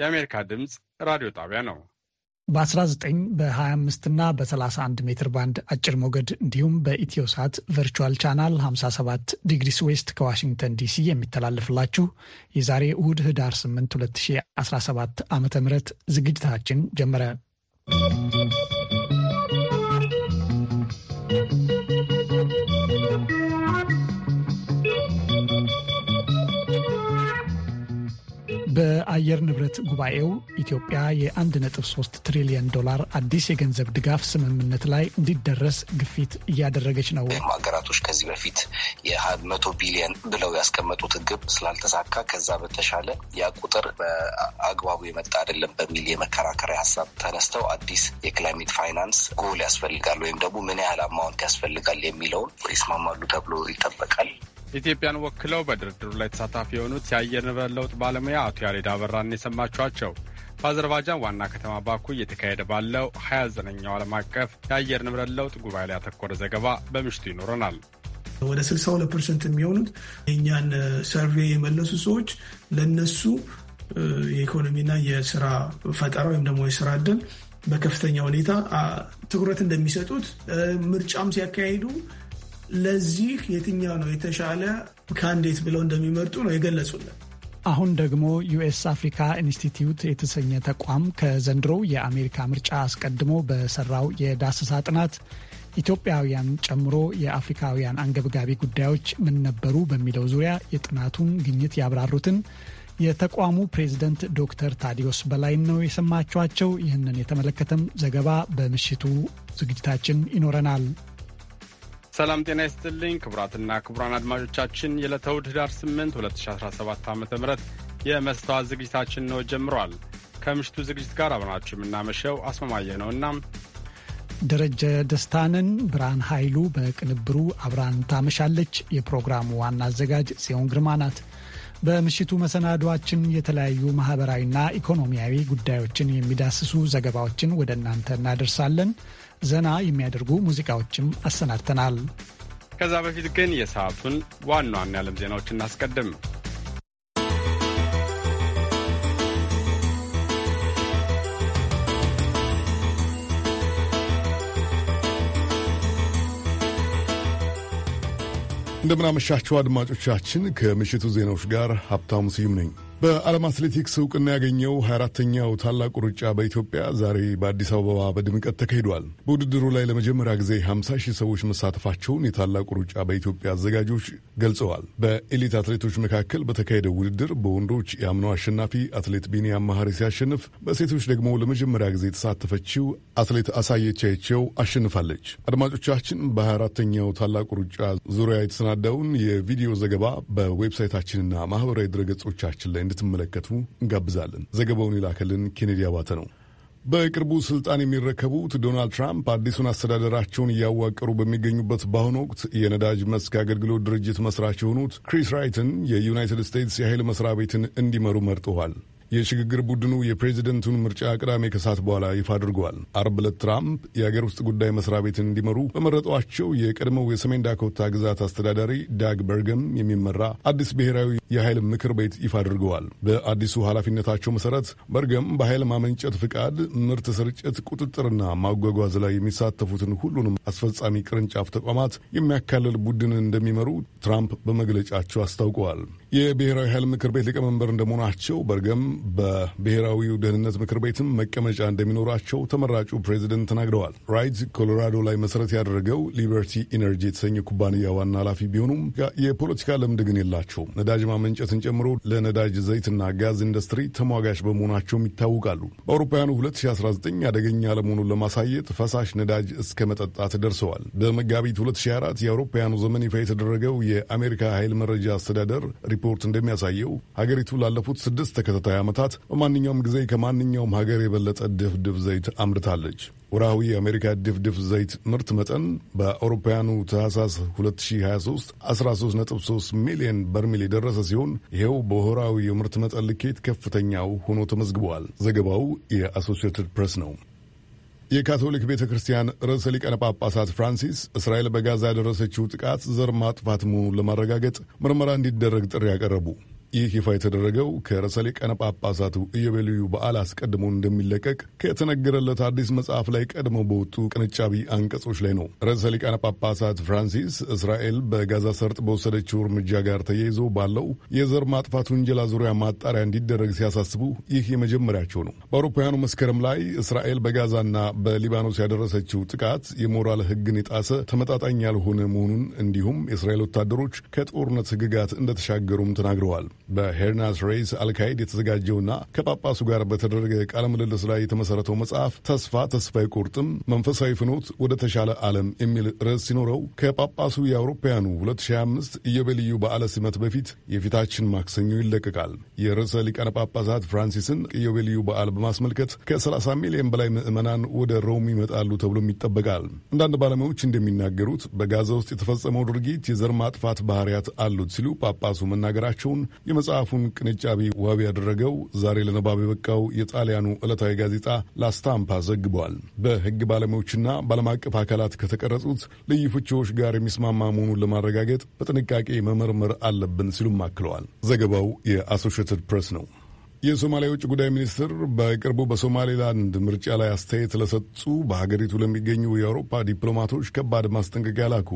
የአሜሪካ ድምፅ ራዲዮ ጣቢያ ነው። በ19 በ25 እና በ31 ሜትር ባንድ አጭር ሞገድ እንዲሁም በኢትዮ ሰዓት ቨርቹዋል ቻናል 57 ዲግሪስ ዌስት ከዋሽንግተን ዲሲ የሚተላለፍላችሁ የዛሬ እሁድ ህዳር 8 2017 ዓ ም ዝግጅታችን ጀመረ። በአየር ንብረት ጉባኤው ኢትዮጵያ የ1.3 ትሪሊየን ዶላር አዲስ የገንዘብ ድጋፍ ስምምነት ላይ እንዲደረስ ግፊት እያደረገች ነው። ሀገራቶች ከዚህ በፊት የ100 ቢሊየን ብለው ያስቀመጡት ግብ ስላልተሳካ ከዛ በተሻለ ያ ቁጥር በአግባቡ የመጣ አይደለም በሚል የመከራከሪያ ሀሳብ ተነስተው አዲስ የክላይሜት ፋይናንስ ጎል ያስፈልጋል ወይም ደግሞ ምን ያህል አማውንት ያስፈልጋል የሚለውን ይስማማሉ ተብሎ ይጠበቃል። ኢትዮጵያን ወክለው በድርድሩ ላይ ተሳታፊ የሆኑት የአየር ንብረት ለውጥ ባለሙያ አቶ ያሬድ አበራን የሰማችኋቸው። በአዘርባጃን ዋና ከተማ ባኩ እየተካሄደ ባለው 29ኛው ዓለም አቀፍ የአየር ንብረት ለውጥ ጉባኤ ላይ ያተኮረ ዘገባ በምሽቱ ይኖረናል። ወደ 62 ፐርሰንት የሚሆኑት የእኛን ሰርቬ የመለሱ ሰዎች ለነሱ የኢኮኖሚና የስራ ፈጠራ ወይም ደግሞ የስራ እድል በከፍተኛ ሁኔታ ትኩረት እንደሚሰጡት ምርጫም ሲያካሂዱ ለዚህ የትኛው ነው የተሻለ ካንዴት ብለው እንደሚመርጡ ነው የገለጹልን። አሁን ደግሞ ዩኤስ አፍሪካ ኢንስቲትዩት የተሰኘ ተቋም ከዘንድሮው የአሜሪካ ምርጫ አስቀድሞ በሰራው የዳሰሳ ጥናት ኢትዮጵያውያን ጨምሮ የአፍሪካውያን አንገብጋቢ ጉዳዮች ምን ነበሩ በሚለው ዙሪያ የጥናቱን ግኝት ያብራሩትን የተቋሙ ፕሬዝደንት ዶክተር ታዲዮስ በላይን ነው የሰማችኋቸው። ይህንን የተመለከተም ዘገባ በምሽቱ ዝግጅታችን ይኖረናል። ሰላም ጤና ይስጥልኝ ክቡራትና ክቡራን አድማጮቻችን የዕለተ እሁድ ህዳር 8 2017 ዓ ም የመስተዋት ዝግጅታችን ነው ጀምሯል። ከምሽቱ ዝግጅት ጋር አብረናችሁ የምናመሸው አስማማየ ነው እና ደረጀ ደስታንን ብርሃን ኃይሉ በቅንብሩ አብራን ታመሻለች። የፕሮግራሙ ዋና አዘጋጅ ሲሆን ግርማ ናት። በምሽቱ መሰናዷችን የተለያዩ ማህበራዊና ኢኮኖሚያዊ ጉዳዮችን የሚዳስሱ ዘገባዎችን ወደ እናንተ እናደርሳለን። ዘና የሚያደርጉ ሙዚቃዎችም አሰናድተናል። ከዛ በፊት ግን የሰዓቱን ዋና ዋና የዓለም ዜናዎች እናስቀድም። እንደምናመሻቸው አድማጮቻችን፣ ከምሽቱ ዜናዎች ጋር ሀብታሙ ስዩም ነኝ። በዓለም አትሌቲክስ እውቅና ያገኘው 24ተኛው ታላቁ ሩጫ በኢትዮጵያ ዛሬ በአዲስ አበባ በድምቀት ተካሂዷል። በውድድሩ ላይ ለመጀመሪያ ጊዜ 50 ሺህ ሰዎች መሳተፋቸውን የታላቁ ሩጫ በኢትዮጵያ አዘጋጆች ገልጸዋል። በኤሊት አትሌቶች መካከል በተካሄደው ውድድር በወንዶች የአምኖ አሸናፊ አትሌት ቢኒያም መሐሪ ሲያሸንፍ፣ በሴቶች ደግሞ ለመጀመሪያ ጊዜ የተሳተፈችው አትሌት አሳየቻቸው አሸንፋለች። አድማጮቻችን በ24ተኛው ታላቁ ሩጫ ዙሪያ የተሰናዳውን የቪዲዮ ዘገባ በዌብሳይታችንና ማኅበራዊ ድረገጾቻችን ላይ እንድትመለከቱ እንጋብዛለን። ዘገባውን የላከልን ኬኔዲ አባተ ነው። በቅርቡ ስልጣን የሚረከቡት ዶናልድ ትራምፕ አዲሱን አስተዳደራቸውን እያዋቀሩ በሚገኙበት በአሁኑ ወቅት የነዳጅ መስክ አገልግሎት ድርጅት መስራች የሆኑት ክሪስ ራይትን የዩናይትድ ስቴትስ የኃይል መስሪያ ቤትን እንዲመሩ መርጠዋል። የሽግግር ቡድኑ የፕሬዚደንቱን ምርጫ ቅዳሜ ከሰዓት በኋላ ይፋ አድርገዋል። አርብ ዕለት ትራምፕ የአገር ውስጥ ጉዳይ መስሪያ ቤትን እንዲመሩ በመረጧቸው የቀድሞው የሰሜን ዳኮታ ግዛት አስተዳዳሪ ዳግ በርገም የሚመራ አዲስ ብሔራዊ የኃይል ምክር ቤት ይፋ አድርገዋል። በአዲሱ ኃላፊነታቸው መሰረት በርገም በኃይል ማመንጨት ፍቃድ፣ ምርት ስርጭት፣ ቁጥጥርና ማጓጓዝ ላይ የሚሳተፉትን ሁሉንም አስፈጻሚ ቅርንጫፍ ተቋማት የሚያካልል ቡድን እንደሚመሩ ትራምፕ በመግለጫቸው አስታውቀዋል። የብሔራዊ ኃይል ምክር ቤት ሊቀመንበር እንደመሆናቸው በርገም በብሔራዊው ደህንነት ምክር ቤትም መቀመጫ እንደሚኖራቸው ተመራጩ ፕሬዚደንት ተናግረዋል። ራይድ ኮሎራዶ ላይ መሰረት ያደረገው ሊበርቲ ኢነርጂ የተሰኘ ኩባንያ ዋና ኃላፊ ቢሆኑም የፖለቲካ ልምድ ግን የላቸውም። ነዳጅ ማመንጨትን ጨምሮ ለነዳጅ ዘይትና ጋዝ ኢንዱስትሪ ተሟጋች በመሆናቸውም ይታወቃሉ። በአውሮፓውያኑ 2019 አደገኛ ለመሆኑን ለማሳየት ፈሳሽ ነዳጅ እስከ መጠጣት ደርሰዋል። በመጋቢት 2024 የአውሮፓውያኑ ዘመን ይፋ የተደረገው የአሜሪካ ኃይል መረጃ አስተዳደር ሪፖርት እንደሚያሳየው ሀገሪቱ ላለፉት ስድስት ተከታታይ ዓመታት በማንኛውም ጊዜ ከማንኛውም ሀገር የበለጠ ድፍድፍ ዘይት አምርታለች። ወርሃዊ የአሜሪካ ድፍድፍ ዘይት ምርት መጠን በአውሮፓውያኑ ታህሳስ 2023 13.3 ሚሊዮን በርሜል የደረሰ ሲሆን ይኸው በወርሃዊ የምርት መጠን ልኬት ከፍተኛው ሆኖ ተመዝግበዋል። ዘገባው የአሶሲየትድ ፕሬስ ነው። የካቶሊክ ቤተ ክርስቲያን ርዕሰ ሊቀነ ጳጳሳት ፍራንሲስ እስራኤል በጋዛ ያደረሰችው ጥቃት ዘር ማጥፋት መሆኑን ለማረጋገጥ ምርመራ እንዲደረግ ጥሪ ያቀረቡ ይህ ይፋ የተደረገው ከርዕሰ ሊቃነ ጳጳሳቱ ኢዮቤልዩ በዓል አስቀድሞ እንደሚለቀቅ ከተነገረለት አዲስ መጽሐፍ ላይ ቀድሞ በወጡ ቅንጫቢ አንቀጾች ላይ ነው። ርዕሰ ሊቃነ ጳጳሳት ፍራንሲስ እስራኤል በጋዛ ሰርጥ በወሰደችው እርምጃ ጋር ተያይዞ ባለው የዘር ማጥፋት ውንጀላ ዙሪያ ማጣሪያ እንዲደረግ ሲያሳስቡ ይህ የመጀመሪያቸው ነው። በአውሮፓውያኑ መስከረም ላይ እስራኤል በጋዛና በሊባኖስ ያደረሰችው ጥቃት የሞራል ሕግን የጣሰ ተመጣጣኝ ያልሆነ መሆኑን እንዲሁም የእስራኤል ወታደሮች ከጦርነት ሕግጋት እንደተሻገሩም ተናግረዋል። በሄርናስ ሬይስ አልካይድ የተዘጋጀውና ከጳጳሱ ጋር በተደረገ ቃለ ምልልስ ላይ የተመሠረተው መጽሐፍ ተስፋ ተስፋ ቁርጥም መንፈሳዊ ፍኖት ወደ ተሻለ ዓለም የሚል ርዕስ ሲኖረው ከጳጳሱ የአውሮፓውያኑ 2025 ኢዮቤልዩ በዓለ ሲመት በፊት የፊታችን ማክሰኞ ይለቀቃል። የርዕሰ ሊቃነ ጳጳሳት ፍራንሲስን ኢዮቤልዩ በዓል በማስመልከት ከ30 ሚሊዮን በላይ ምዕመናን ወደ ሮም ይመጣሉ ተብሎም ይጠበቃል። አንዳንድ ባለሙያዎች እንደሚናገሩት በጋዛ ውስጥ የተፈጸመው ድርጊት የዘር ማጥፋት ባህሪያት አሉት ሲሉ ጳጳሱ መናገራቸውን የመጽሐፉን ቅንጫቢ ዋቢ ያደረገው ዛሬ ለንባብ የበቃው የጣሊያኑ ዕለታዊ ጋዜጣ ላስታምፓ ዘግቧል። በሕግ ባለሙያዎችና በዓለም አቀፍ አካላት ከተቀረጹት ልዩ ፍቺዎች ጋር የሚስማማ መሆኑን ለማረጋገጥ በጥንቃቄ መመርመር አለብን ሲሉም አክለዋል። ዘገባው የአሶሽትድ ፕሬስ ነው። የሶማሊያ የውጭ ጉዳይ ሚኒስትር በቅርቡ በሶማሌላንድ ምርጫ ላይ አስተያየት ለሰጡ በሀገሪቱ ለሚገኙ የአውሮፓ ዲፕሎማቶች ከባድ ማስጠንቀቂያ ላኩ።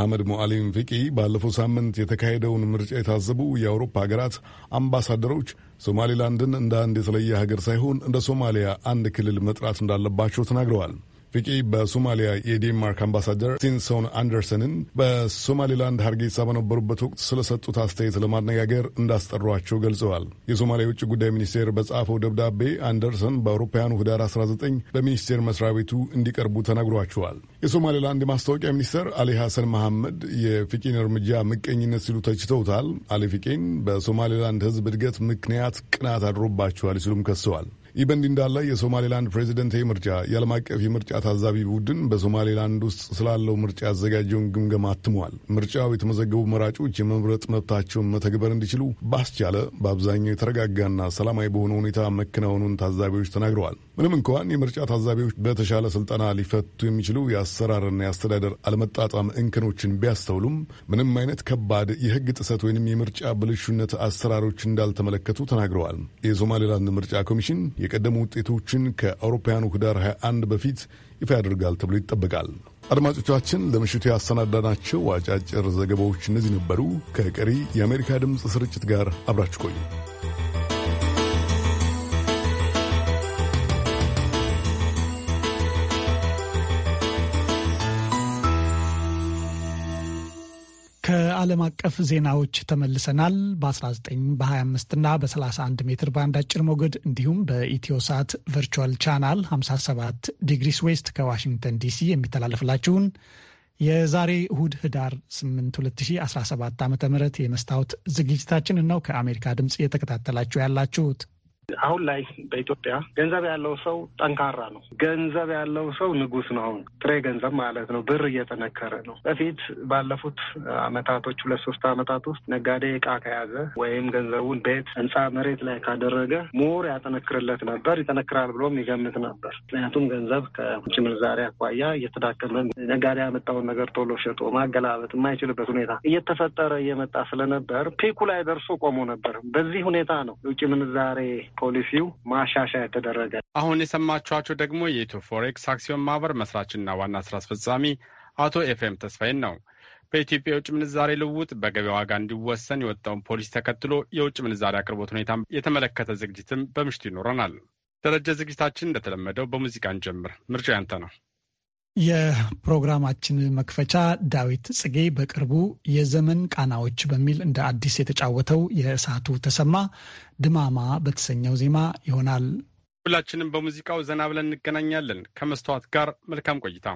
አህመድ ሞአሊም ፊቂ ባለፈው ሳምንት የተካሄደውን ምርጫ የታዘቡ የአውሮፓ ሀገራት አምባሳደሮች ሶማሌላንድን እንደ አንድ የተለየ ሀገር ሳይሆን እንደ ሶማሊያ አንድ ክልል መጥራት እንዳለባቸው ተናግረዋል። ቪቂ በሶማሊያ የዴንማርክ አምባሳደር ስቲንሶን አንደርሰንን በሶማሌላንድ ሀርጌሳ በነበሩበት ወቅት ስለሰጡት አስተያየት ለማነጋገር እንዳስጠሯቸው ገልጸዋል። የሶማሊያ የውጭ ጉዳይ ሚኒስቴር በጻፈው ደብዳቤ አንደርሰን በአውሮፓውያኑ ህዳር 19 በሚኒስቴር መስሪያ ቤቱ እንዲቀርቡ ተነግሯቸዋል። የሶማሌላንድ የማስታወቂያ ሚኒስትር አሊ ሐሰን መሐመድ የፊቂን እርምጃ ምቀኝነት ሲሉ ተችተውታል። አሊ ፊቂን በሶማሌላንድ ህዝብ እድገት ምክንያት ቅናት አድሮባቸዋል ሲሉም ከሰዋል። ይህ በእንዲህ እንዳለ የሶማሌላንድ ፕሬዚደንታዊ ምርጫ የዓለም አቀፍ የምርጫ ታዛቢ ቡድን በሶማሌላንድ ውስጥ ስላለው ምርጫ ያዘጋጀውን ግምገማ አትመዋል። ምርጫው የተመዘገቡ መራጮች የመምረጥ መብታቸውን መተግበር እንዲችሉ ባስቻለ በአብዛኛው የተረጋጋና ሰላማዊ በሆነ ሁኔታ መከናወኑን ታዛቢዎች ተናግረዋል። ምንም እንኳን የምርጫ ታዛቢዎች በተሻለ ስልጠና ሊፈቱ የሚችሉ የአሰራርና የአስተዳደር አለመጣጣም እንከኖችን ቢያስተውሉም ምንም አይነት ከባድ የህግ ጥሰት ወይንም የምርጫ ብልሹነት አሰራሮች እንዳልተመለከቱ ተናግረዋል። የሶማሌላንድ ምርጫ ኮሚሽን የቀደሙ ውጤቶችን ከአውሮፓውያኑ ህዳር 21 በፊት ይፋ ያደርጋል ተብሎ ይጠበቃል። አድማጮቻችን ለምሽቱ ያሰናዳናቸው አጫጭር ዘገባዎች እነዚህ ነበሩ። ከቀሪ የአሜሪካ ድምፅ ስርጭት ጋር አብራችሁ ቆዩ። ከዓለም አቀፍ ዜናዎች ተመልሰናል። በ19 በ25 እና በ31 ሜትር ባንድ አጭር ሞገድ እንዲሁም በኢትዮ ሳት ቨርቹዋል ቻናል 57 ዲግሪስ ዌስት ከዋሽንግተን ዲሲ የሚተላለፍላችሁን የዛሬ እሁድ ህዳር 8 2017 ዓ ም የመስታወት ዝግጅታችን ነው ከአሜሪካ ድምፅ እየተከታተላችሁ ያላችሁት። አሁን ላይ በኢትዮጵያ ገንዘብ ያለው ሰው ጠንካራ ነው። ገንዘብ ያለው ሰው ንጉስ ነው። አሁን ጥሬ ገንዘብ ማለት ነው። ብር እየጠነከረ ነው። በፊት ባለፉት አመታቶች ሁለት ሶስት አመታት ውስጥ ነጋዴ እቃ ከያዘ ወይም ገንዘቡን ቤት፣ ህንፃ፣ መሬት ላይ ካደረገ ሞር ያጠነክርለት ነበር ይጠነክራል ብሎም ይገምት ነበር። ምክንያቱም ገንዘብ ከውጭ ምንዛሪ አኳያ እየተዳከመ ነጋዴ ያመጣውን ነገር ቶሎ ሸጦ ማገላበጥ የማይችልበት ሁኔታ እየተፈጠረ እየመጣ ስለነበር ፒኩ ላይ ደርሶ ቆሞ ነበር። በዚህ ሁኔታ ነው የውጭ ምንዛሬ ፖሊሲው ማሻሻያ የተደረገ። አሁን የሰማችኋቸው ደግሞ የኢትዮ ፎሬክስ አክሲዮን ማህበር መስራችና ዋና ስራ አስፈጻሚ አቶ ኤፍሬም ተስፋዬን ነው። በኢትዮጵያ የውጭ ምንዛሬ ልውውጥ በገበያ ዋጋ እንዲወሰን የወጣውን ፖሊሲ ተከትሎ የውጭ ምንዛሬ አቅርቦት ሁኔታ የተመለከተ ዝግጅትም በምሽቱ ይኖረናል። ደረጀ፣ ዝግጅታችን እንደተለመደው በሙዚቃ ጀምር ምርጫ ያንተ ነው። የፕሮግራማችን መክፈቻ ዳዊት ጽጌ በቅርቡ የዘመን ቃናዎች በሚል እንደ አዲስ የተጫወተው የእሳቱ ተሰማ ድማማ በተሰኘው ዜማ ይሆናል። ሁላችንም በሙዚቃው ዘና ብለን እንገናኛለን። ከመስተዋት ጋር መልካም ቆይታ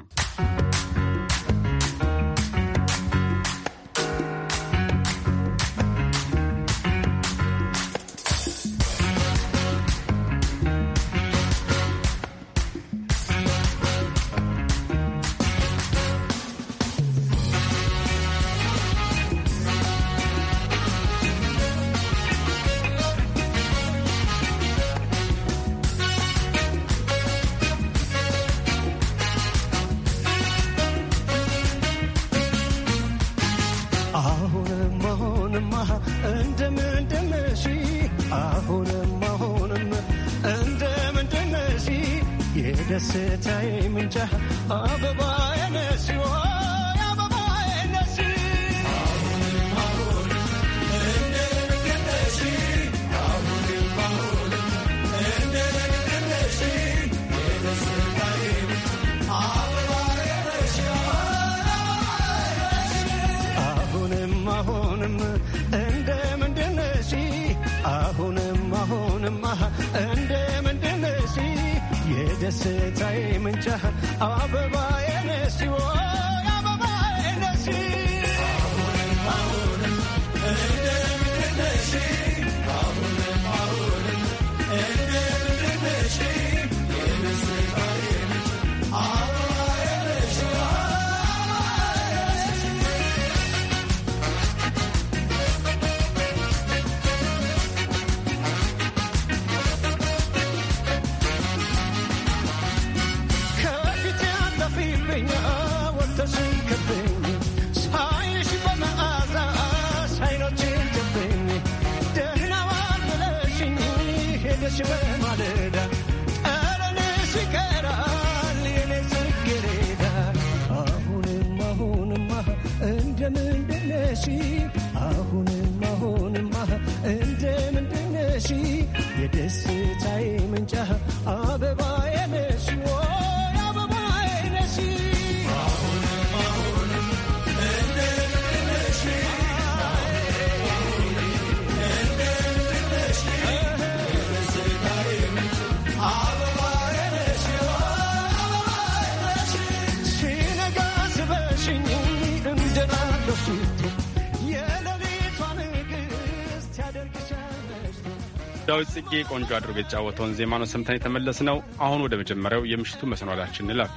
ዳዊት ጽጌ ቆንጆ አድርጎ የተጫወተውን ዜማ ነው ሰምተን የተመለስ ነው። አሁን ወደ መጀመሪያው የምሽቱ መሰናዷችን እንላል።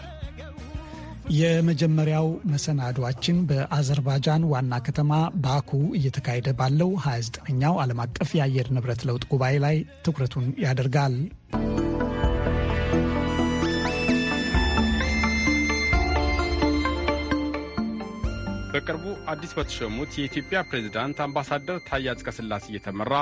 የመጀመሪያው መሰናዷችን በአዘርባጃን ዋና ከተማ ባኩ እየተካሄደ ባለው 29ኛው ዓለም አቀፍ የአየር ንብረት ለውጥ ጉባኤ ላይ ትኩረቱን ያደርጋል። በቅርቡ አዲስ በተሾሙት የኢትዮጵያ ፕሬዝዳንት አምባሳደር ታዬ አጽቀሥላሴ እየተመራ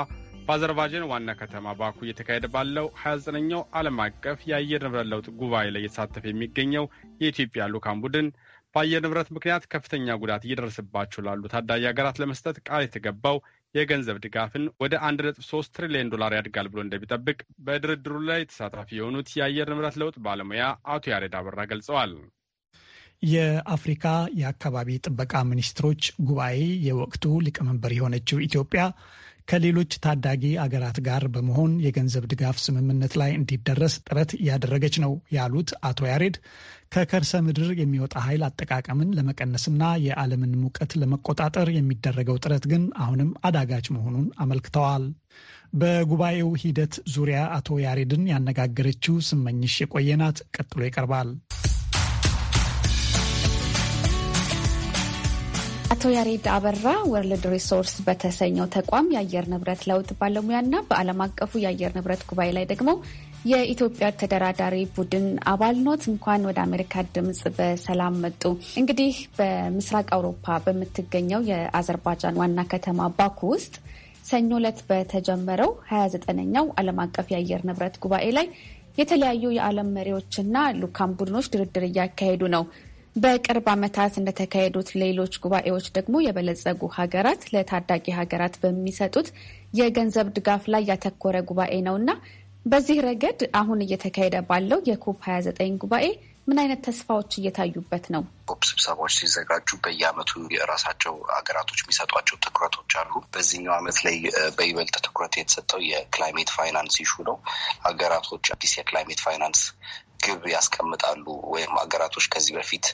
በአዘርባይጃን ዋና ከተማ ባኩ እየተካሄደ ባለው 29ኛው ዓለም አቀፍ የአየር ንብረት ለውጥ ጉባኤ ላይ እየተሳተፈ የሚገኘው የኢትዮጵያ ልዑካን ቡድን በአየር ንብረት ምክንያት ከፍተኛ ጉዳት እየደረሰባቸው ላሉ ታዳጊ ሀገራት ለመስጠት ቃል የተገባው የገንዘብ ድጋፍን ወደ 1.3 ትሪሊዮን ዶላር ያድጋል ብሎ እንደሚጠብቅ በድርድሩ ላይ ተሳታፊ የሆኑት የአየር ንብረት ለውጥ ባለሙያ አቶ ያሬድ አበራ ገልጸዋል። የአፍሪካ የአካባቢ ጥበቃ ሚኒስትሮች ጉባኤ የወቅቱ ሊቀመንበር የሆነችው ኢትዮጵያ ከሌሎች ታዳጊ አገራት ጋር በመሆን የገንዘብ ድጋፍ ስምምነት ላይ እንዲደረስ ጥረት እያደረገች ነው ያሉት አቶ ያሬድ ከከርሰ ምድር የሚወጣ ኃይል አጠቃቀምን ለመቀነስና የዓለምን ሙቀት ለመቆጣጠር የሚደረገው ጥረት ግን አሁንም አዳጋች መሆኑን አመልክተዋል። በጉባኤው ሂደት ዙሪያ አቶ ያሬድን ያነጋገረችው ስመኝሽ የቆየናት ቀጥሎ ይቀርባል። አቶ ያሬድ አበራ ወርልድ ሪሶርስ በተሰኘው ተቋም የአየር ንብረት ለውጥ ባለሙያና በዓለም አቀፉ የአየር ንብረት ጉባኤ ላይ ደግሞ የኢትዮጵያ ተደራዳሪ ቡድን አባል ኖት። እንኳን ወደ አሜሪካ ድምፅ በሰላም መጡ። እንግዲህ በምስራቅ አውሮፓ በምትገኘው የአዘርባጃን ዋና ከተማ ባኩ ውስጥ ሰኞ ዕለት በተጀመረው 29ኛው ዓለም አቀፍ የአየር ንብረት ጉባኤ ላይ የተለያዩ የዓለም መሪዎችና ልኡካን ቡድኖች ድርድር እያካሄዱ ነው። በቅርብ ዓመታት እንደተካሄዱት ሌሎች ጉባኤዎች ደግሞ የበለጸጉ ሀገራት ለታዳጊ ሀገራት በሚሰጡት የገንዘብ ድጋፍ ላይ ያተኮረ ጉባኤ እና በዚህ ረገድ አሁን እየተካሄደ ባለው የኮፕ 29 ጉባኤ ምን አይነት ተስፋዎች እየታዩበት ነው? ኮፕ ስብሰባዎች ሲዘጋጁ በየአመቱ የራሳቸው ሀገራቶች የሚሰጧቸው ትኩረቶች አሉ። በዚህኛው አመት ላይ በይበልጥ ትኩረት የተሰጠው የክላይሜት ፋይናንስ ይሹ ነው። ሀገራቶች አዲስ የክላይሜት ፋይናንስ ግብ ያስቀምጣሉ ወይም ሀገራቶች ከዚህ በፊት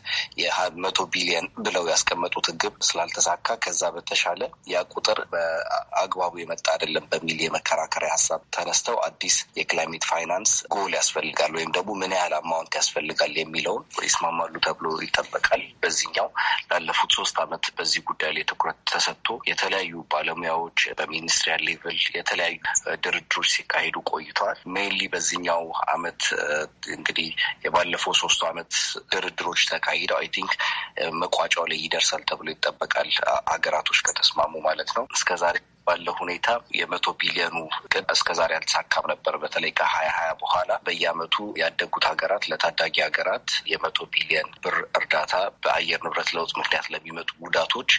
የመቶ ቢሊየን ብለው ያስቀመጡት ግብ ስላልተሳካ ከዛ በተሻለ ያ ቁጥር በአግባቡ የመጣ አይደለም በሚል የመከራከሪያ ሀሳብ ተነስተው አዲስ የክላይሜት ፋይናንስ ጎል ያስፈልጋል ወይም ደግሞ ምን ያህል አማውንት ያስፈልጋል የሚለውን ይስማማሉ ተብሎ ይጠበቃል። በዚህኛው ላለፉት ሶስት ዓመት በዚህ ጉዳይ ላይ ትኩረት ተሰጥቶ የተለያዩ ባለሙያዎች በሚኒስትሪያል ሌቭል የተለያዩ ድርድሮች ሲካሄዱ ቆይተዋል። ሜይንሊ በዚህኛው አመት እንግዲህ እንግዲህ የባለፈው ሶስቱ አመት ድርድሮች ተካሂደው አይ ቲንክ መቋጫው ላይ ይደርሳል ተብሎ ይጠበቃል። አገራቶች ከተስማሙ ማለት ነው እስከዛሬ ባለው ሁኔታ የመቶ ቢሊዮኑ ግን እስከዛሬ አልተሳካም ነበር። በተለይ ከሀያ ሀያ በኋላ በየአመቱ ያደጉት ሀገራት ለታዳጊ ሀገራት የመቶ ቢሊዮን ብር እርዳታ በአየር ንብረት ለውጥ ምክንያት ለሚመጡ ጉዳቶች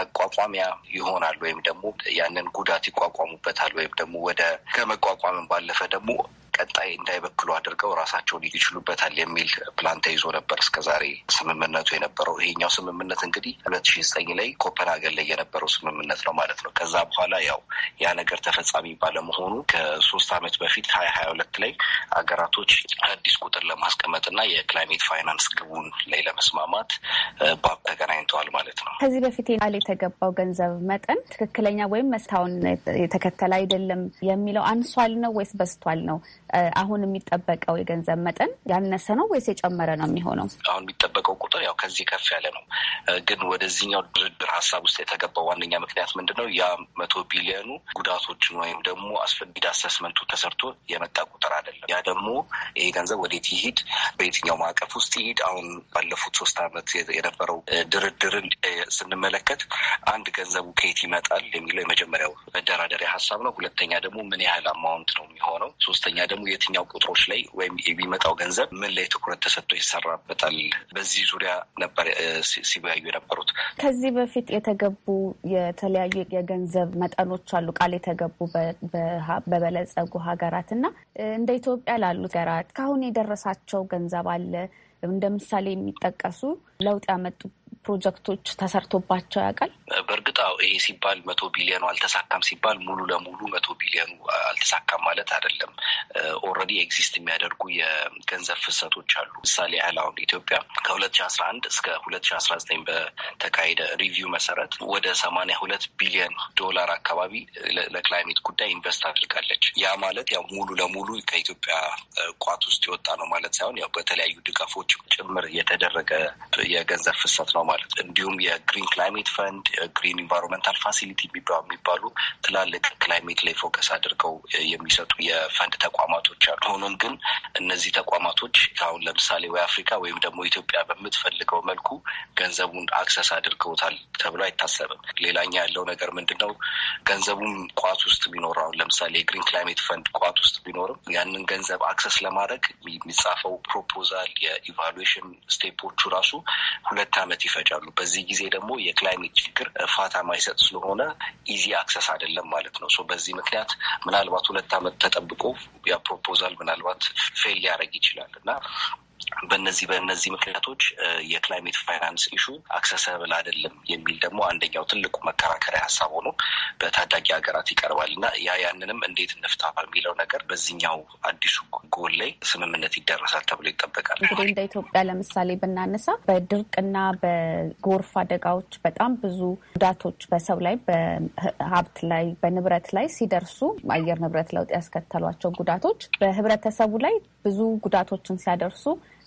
መቋቋሚያ ይሆናል ወይም ደግሞ ያንን ጉዳት ይቋቋሙበታል ወይም ደግሞ ወደ ከመቋቋምን ባለፈ ደግሞ ቀጣይ እንዳይበክሉ አድርገው ራሳቸውን ይችሉበታል የሚል ፕላን ተይዞ ነበር እስከዛሬ ስምምነቱ የነበረው። ይሄኛው ስምምነት እንግዲህ ሁለት ሺ ዘጠኝ ላይ ኮፐንሀገን ላይ የነበረው ስምምነት ነው ማለት ነው። ከዛ በኋላ ያው ያ ነገር ተፈጻሚ ባለመሆኑ ከሶስት ዓመት በፊት ሀያ ሀያ ሁለት ላይ ሀገራቶች አዲስ ቁጥር ለማስቀመጥ እና የክላይሜት ፋይናንስ ግቡን ላይ ለመስማማት ባብ ተገናኝተዋል ማለት ነው። ከዚህ በፊት ቃል የተገባው ገንዘብ መጠን ትክክለኛ ወይም መስታውን የተከተለ አይደለም የሚለው አንሷል ነው ወይስ በስቷል ነው? አሁን የሚጠበቀው የገንዘብ መጠን ያነሰ ነው ወይስ የጨመረ ነው የሚሆነው? አሁን የሚጠበቀው ቁጥር ያው ከዚህ ከፍ ያለ ነው። ግን ወደዚህኛው ድርድር ሀሳብ ውስጥ የተገባው ዋነኛ ምክንያት ምንድን ነው? ያ መቶ ቢሊዮኑ ጉዳቶችን ወይም ደግሞ አስፈላጊ አሰስመንቱ ተሰርቶ የመጣ ቁጥር አይደለም። ያ ደግሞ ይሄ ገንዘብ ወዴት ይሂድ፣ በየትኛው ማዕቀፍ ውስጥ ይሄድ፣ አሁን ባለፉት ሶስት ዓመት የነበረው ድርድርን ስንመለከት አንድ ገንዘቡ ከየት ይመጣል የሚለው የመጀመሪያው መደራደሪያ ሀሳብ ነው። ሁለተኛ ደግሞ ምን ያህል አማውንት ነው የሚሆነው። ሶስተኛ ደግሞ የትኛው ቁጥሮች ላይ ወይም የሚመጣው ገንዘብ ምን ላይ ትኩረት ተሰጥቶ ይሰራበታል። በዚህ ዙሪያ ነበር ሲወያዩ የነበሩት። ከዚህ በፊት የተገቡ የተለያዩ የገንዘብ መጠ መጠኖች አሉ ቃል የተገቡ በበለጸጉ ሀገራት እና እንደ ኢትዮጵያ ላሉት ሀገራት እስካሁን የደረሳቸው ገንዘብ አለ። እንደ ምሳሌ የሚጠቀሱ ለውጥ ያመጡ ፕሮጀክቶች ተሰርቶባቸው ያውቃል? በእርግጥ ይሄ ሲባል መቶ ቢሊዮኑ አልተሳካም ሲባል ሙሉ ለሙሉ መቶ ቢሊዮኑ አልተሳካም ማለት አይደለም። ኦልሬዲ ኤግዚስት የሚያደርጉ የገንዘብ ፍሰቶች አሉ። ምሳሌ ያህል አሁን ኢትዮጵያ ከሁለት ሺ አስራ አንድ እስከ ሁለት ሺ አስራ ዘጠኝ በተካሄደ ሪቪው መሰረት ወደ ሰማንያ ሁለት ቢሊዮን ዶላር አካባቢ ለክላይሜት ጉዳይ ኢንቨስት አድርጋለች። ያ ማለት ያው ሙሉ ለሙሉ ከኢትዮጵያ ቋት ውስጥ የወጣ ነው ማለት ሳይሆን ያው በተለያዩ ድጋፎች ጭምር የተደረገ የገንዘብ ፍሰት ነው ማለት እንዲሁም የግሪን ክላይሜት ፈንድ ግሪን ኢንቫይሮ ኢንቫይሮንመንታል ፋሲሊቲ የሚባሉ ትላልቅ ክላይሜት ላይ ፎከስ አድርገው የሚሰጡ የፈንድ ተቋማቶች አሉ። ሆኖም ግን እነዚህ ተቋማቶች አሁን ለምሳሌ ወይ አፍሪካ ወይም ደግሞ ኢትዮጵያ በምትፈልገው መልኩ ገንዘቡን አክሰስ አድርገውታል ተብሎ አይታሰብም። ሌላኛ ያለው ነገር ምንድን ነው? ገንዘቡን ቋት ውስጥ ቢኖር አሁን ለምሳሌ የግሪን ክላይሜት ፈንድ ቋት ውስጥ ቢኖርም ያንን ገንዘብ አክሰስ ለማድረግ የሚጻፈው ፕሮፖዛል የኢቫሉዌሽን ስቴፖቹ ራሱ ሁለት ዓመት ይፈጃሉ። በዚህ ጊዜ ደግሞ የክላይሜት ችግር ፋታ የማይሰጥ ስለሆነ ኢዚ አክሰስ አይደለም ማለት ነው። በዚህ ምክንያት ምናልባት ሁለት ዓመት ተጠብቆ ያ ፕሮፖዛል ምናልባት ፌል ሊያደርግ ይችላል እና በነዚህ በእነዚህ ምክንያቶች የክላይሜት ፋይናንስ ኢሹ አክሰሰብል አይደለም የሚል ደግሞ አንደኛው ትልቁ መከራከሪያ ሀሳብ ሆኖ በታዳጊ ሀገራት ይቀርባል እና ያ ያንንም እንዴት እንፍታ የሚለው ነገር በዚህኛው አዲሱ ጎል ላይ ስምምነት ይደረሳል ተብሎ ይጠበቃል። እንግዲህ እንደ ኢትዮጵያ ለምሳሌ ብናነሳ በድርቅና በጎርፍ አደጋዎች በጣም ብዙ ጉዳቶች በሰው ላይ፣ በሀብት ላይ፣ በንብረት ላይ ሲደርሱ አየር ንብረት ለውጥ ያስከተሏቸው ጉዳቶች በህብረተሰቡ ላይ ብዙ ጉዳቶችን ሲያደርሱ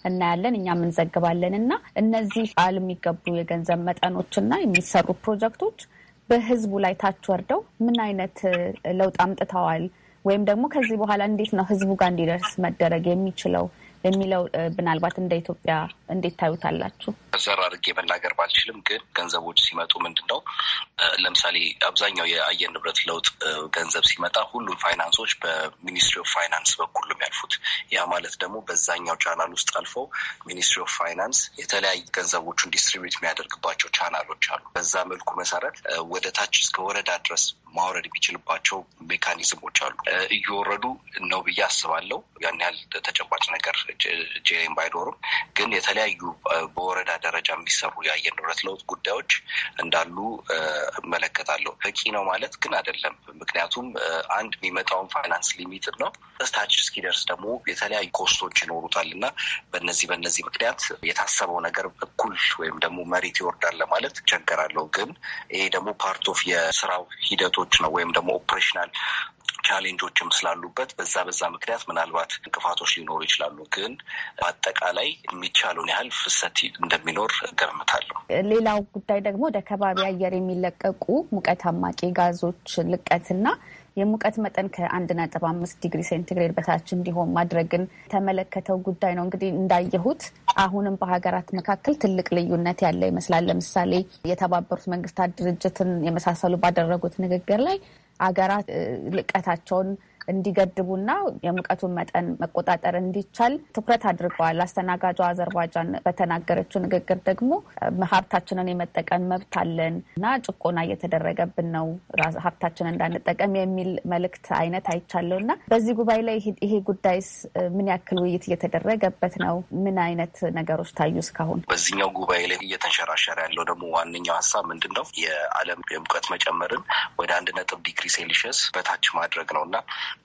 እናያለን፣ እኛም እንዘግባለን እና እነዚህ ቃል የሚገቡ የገንዘብ መጠኖችና የሚሰሩ ፕሮጀክቶች በህዝቡ ላይ ታች ወርደው ምን አይነት ለውጥ አምጥተዋል ወይም ደግሞ ከዚህ በኋላ እንዴት ነው ህዝቡ ጋር እንዲደርስ መደረግ የሚችለው የሚለው ምናልባት እንደ ኢትዮጵያ እንዴት ታዩታላችሁ? ዘር አድርጌ መናገር ባልችልም ግን ገንዘቦች ሲመጡ ምንድን ነው ለምሳሌ አብዛኛው የአየር ንብረት ለውጥ ገንዘብ ሲመጣ ሁሉም ፋይናንሶች በሚኒስትሪ ኦፍ ፋይናንስ በኩል ነው የሚያልፉት። ያ ማለት ደግሞ በዛኛው ቻናል ውስጥ አልፈው ሚኒስትሪ ኦፍ ፋይናንስ የተለያዩ ገንዘቦቹን ዲስትሪቢዩት የሚያደርግባቸው ቻናሎች አሉ። በዛ መልኩ መሰረት ወደ ታች እስከ ወረዳ ድረስ ማውረድ የሚችልባቸው ሜካኒዝሞች አሉ። እየወረዱ ነው ብዬ አስባለሁ። ያን ያህል ተጨባጭ ነገር ጄሬን ባይኖርም ግን የተለያዩ በወረዳ ደረጃ የሚሰሩ የአየር ንብረት ለውጥ ጉዳዮች እንዳሉ እመለከታለሁ። በቂ ነው ማለት ግን አይደለም። ምክንያቱም አንድ የሚመጣውን ፋይናንስ ሊሚት ነው እስታች እስኪደርስ ደግሞ የተለያዩ ኮስቶች ይኖሩታል እና በነዚህ በነዚህ ምክንያት የታሰበው ነገር እኩል ወይም ደግሞ መሬት ይወርዳል ለማለት ቸገራለሁ። ግን ይሄ ደግሞ ፓርት ኦፍ የስራው ሂደቱ ክፍተቶች ነው ወይም ደግሞ ኦፕሬሽናል ቻሌንጆችም ስላሉበት በዛ በዛ ምክንያት ምናልባት እንቅፋቶች ሊኖሩ ይችላሉ። ግን በአጠቃላይ የሚቻሉን ያህል ፍሰት እንደሚኖር ገምታለሁ። ሌላው ጉዳይ ደግሞ ወደ ከባቢ አየር የሚለቀቁ ሙቀት አማቂ ጋዞች ልቀትና የሙቀት መጠን ከአንድ ነጥብ አምስት ዲግሪ ሴንቲግሬድ በታች እንዲሆን ማድረግን የተመለከተው ጉዳይ ነው። እንግዲህ እንዳየሁት አሁንም በሀገራት መካከል ትልቅ ልዩነት ያለ ይመስላል። ለምሳሌ የተባበሩት መንግስታት ድርጅትን የመሳሰሉ ባደረጉት ንግግር ላይ አገራት ልቀታቸውን እንዲገድቡና የሙቀቱን መጠን መቆጣጠር እንዲቻል ትኩረት አድርገዋል። አስተናጋጇ አዘርባጃን በተናገረችው ንግግር ደግሞ ሀብታችንን የመጠቀም መብት አለን እና ጭቆና እየተደረገብን ነው ሀብታችንን እንዳንጠቀም የሚል መልእክት አይነት አይቻለው እና በዚህ ጉባኤ ላይ ይሄ ጉዳይስ ምን ያክል ውይይት እየተደረገበት ነው? ምን አይነት ነገሮች ታዩ እስካሁን? በዚህኛው ጉባኤ ላይ እየተንሸራሸረ ያለው ደግሞ ዋነኛው ሀሳብ ምንድን ነው? የዓለም የሙቀት መጨመርን ወደ አንድ ነጥብ ዲግሪ ሴልሺየስ በታች ማድረግ ነው እና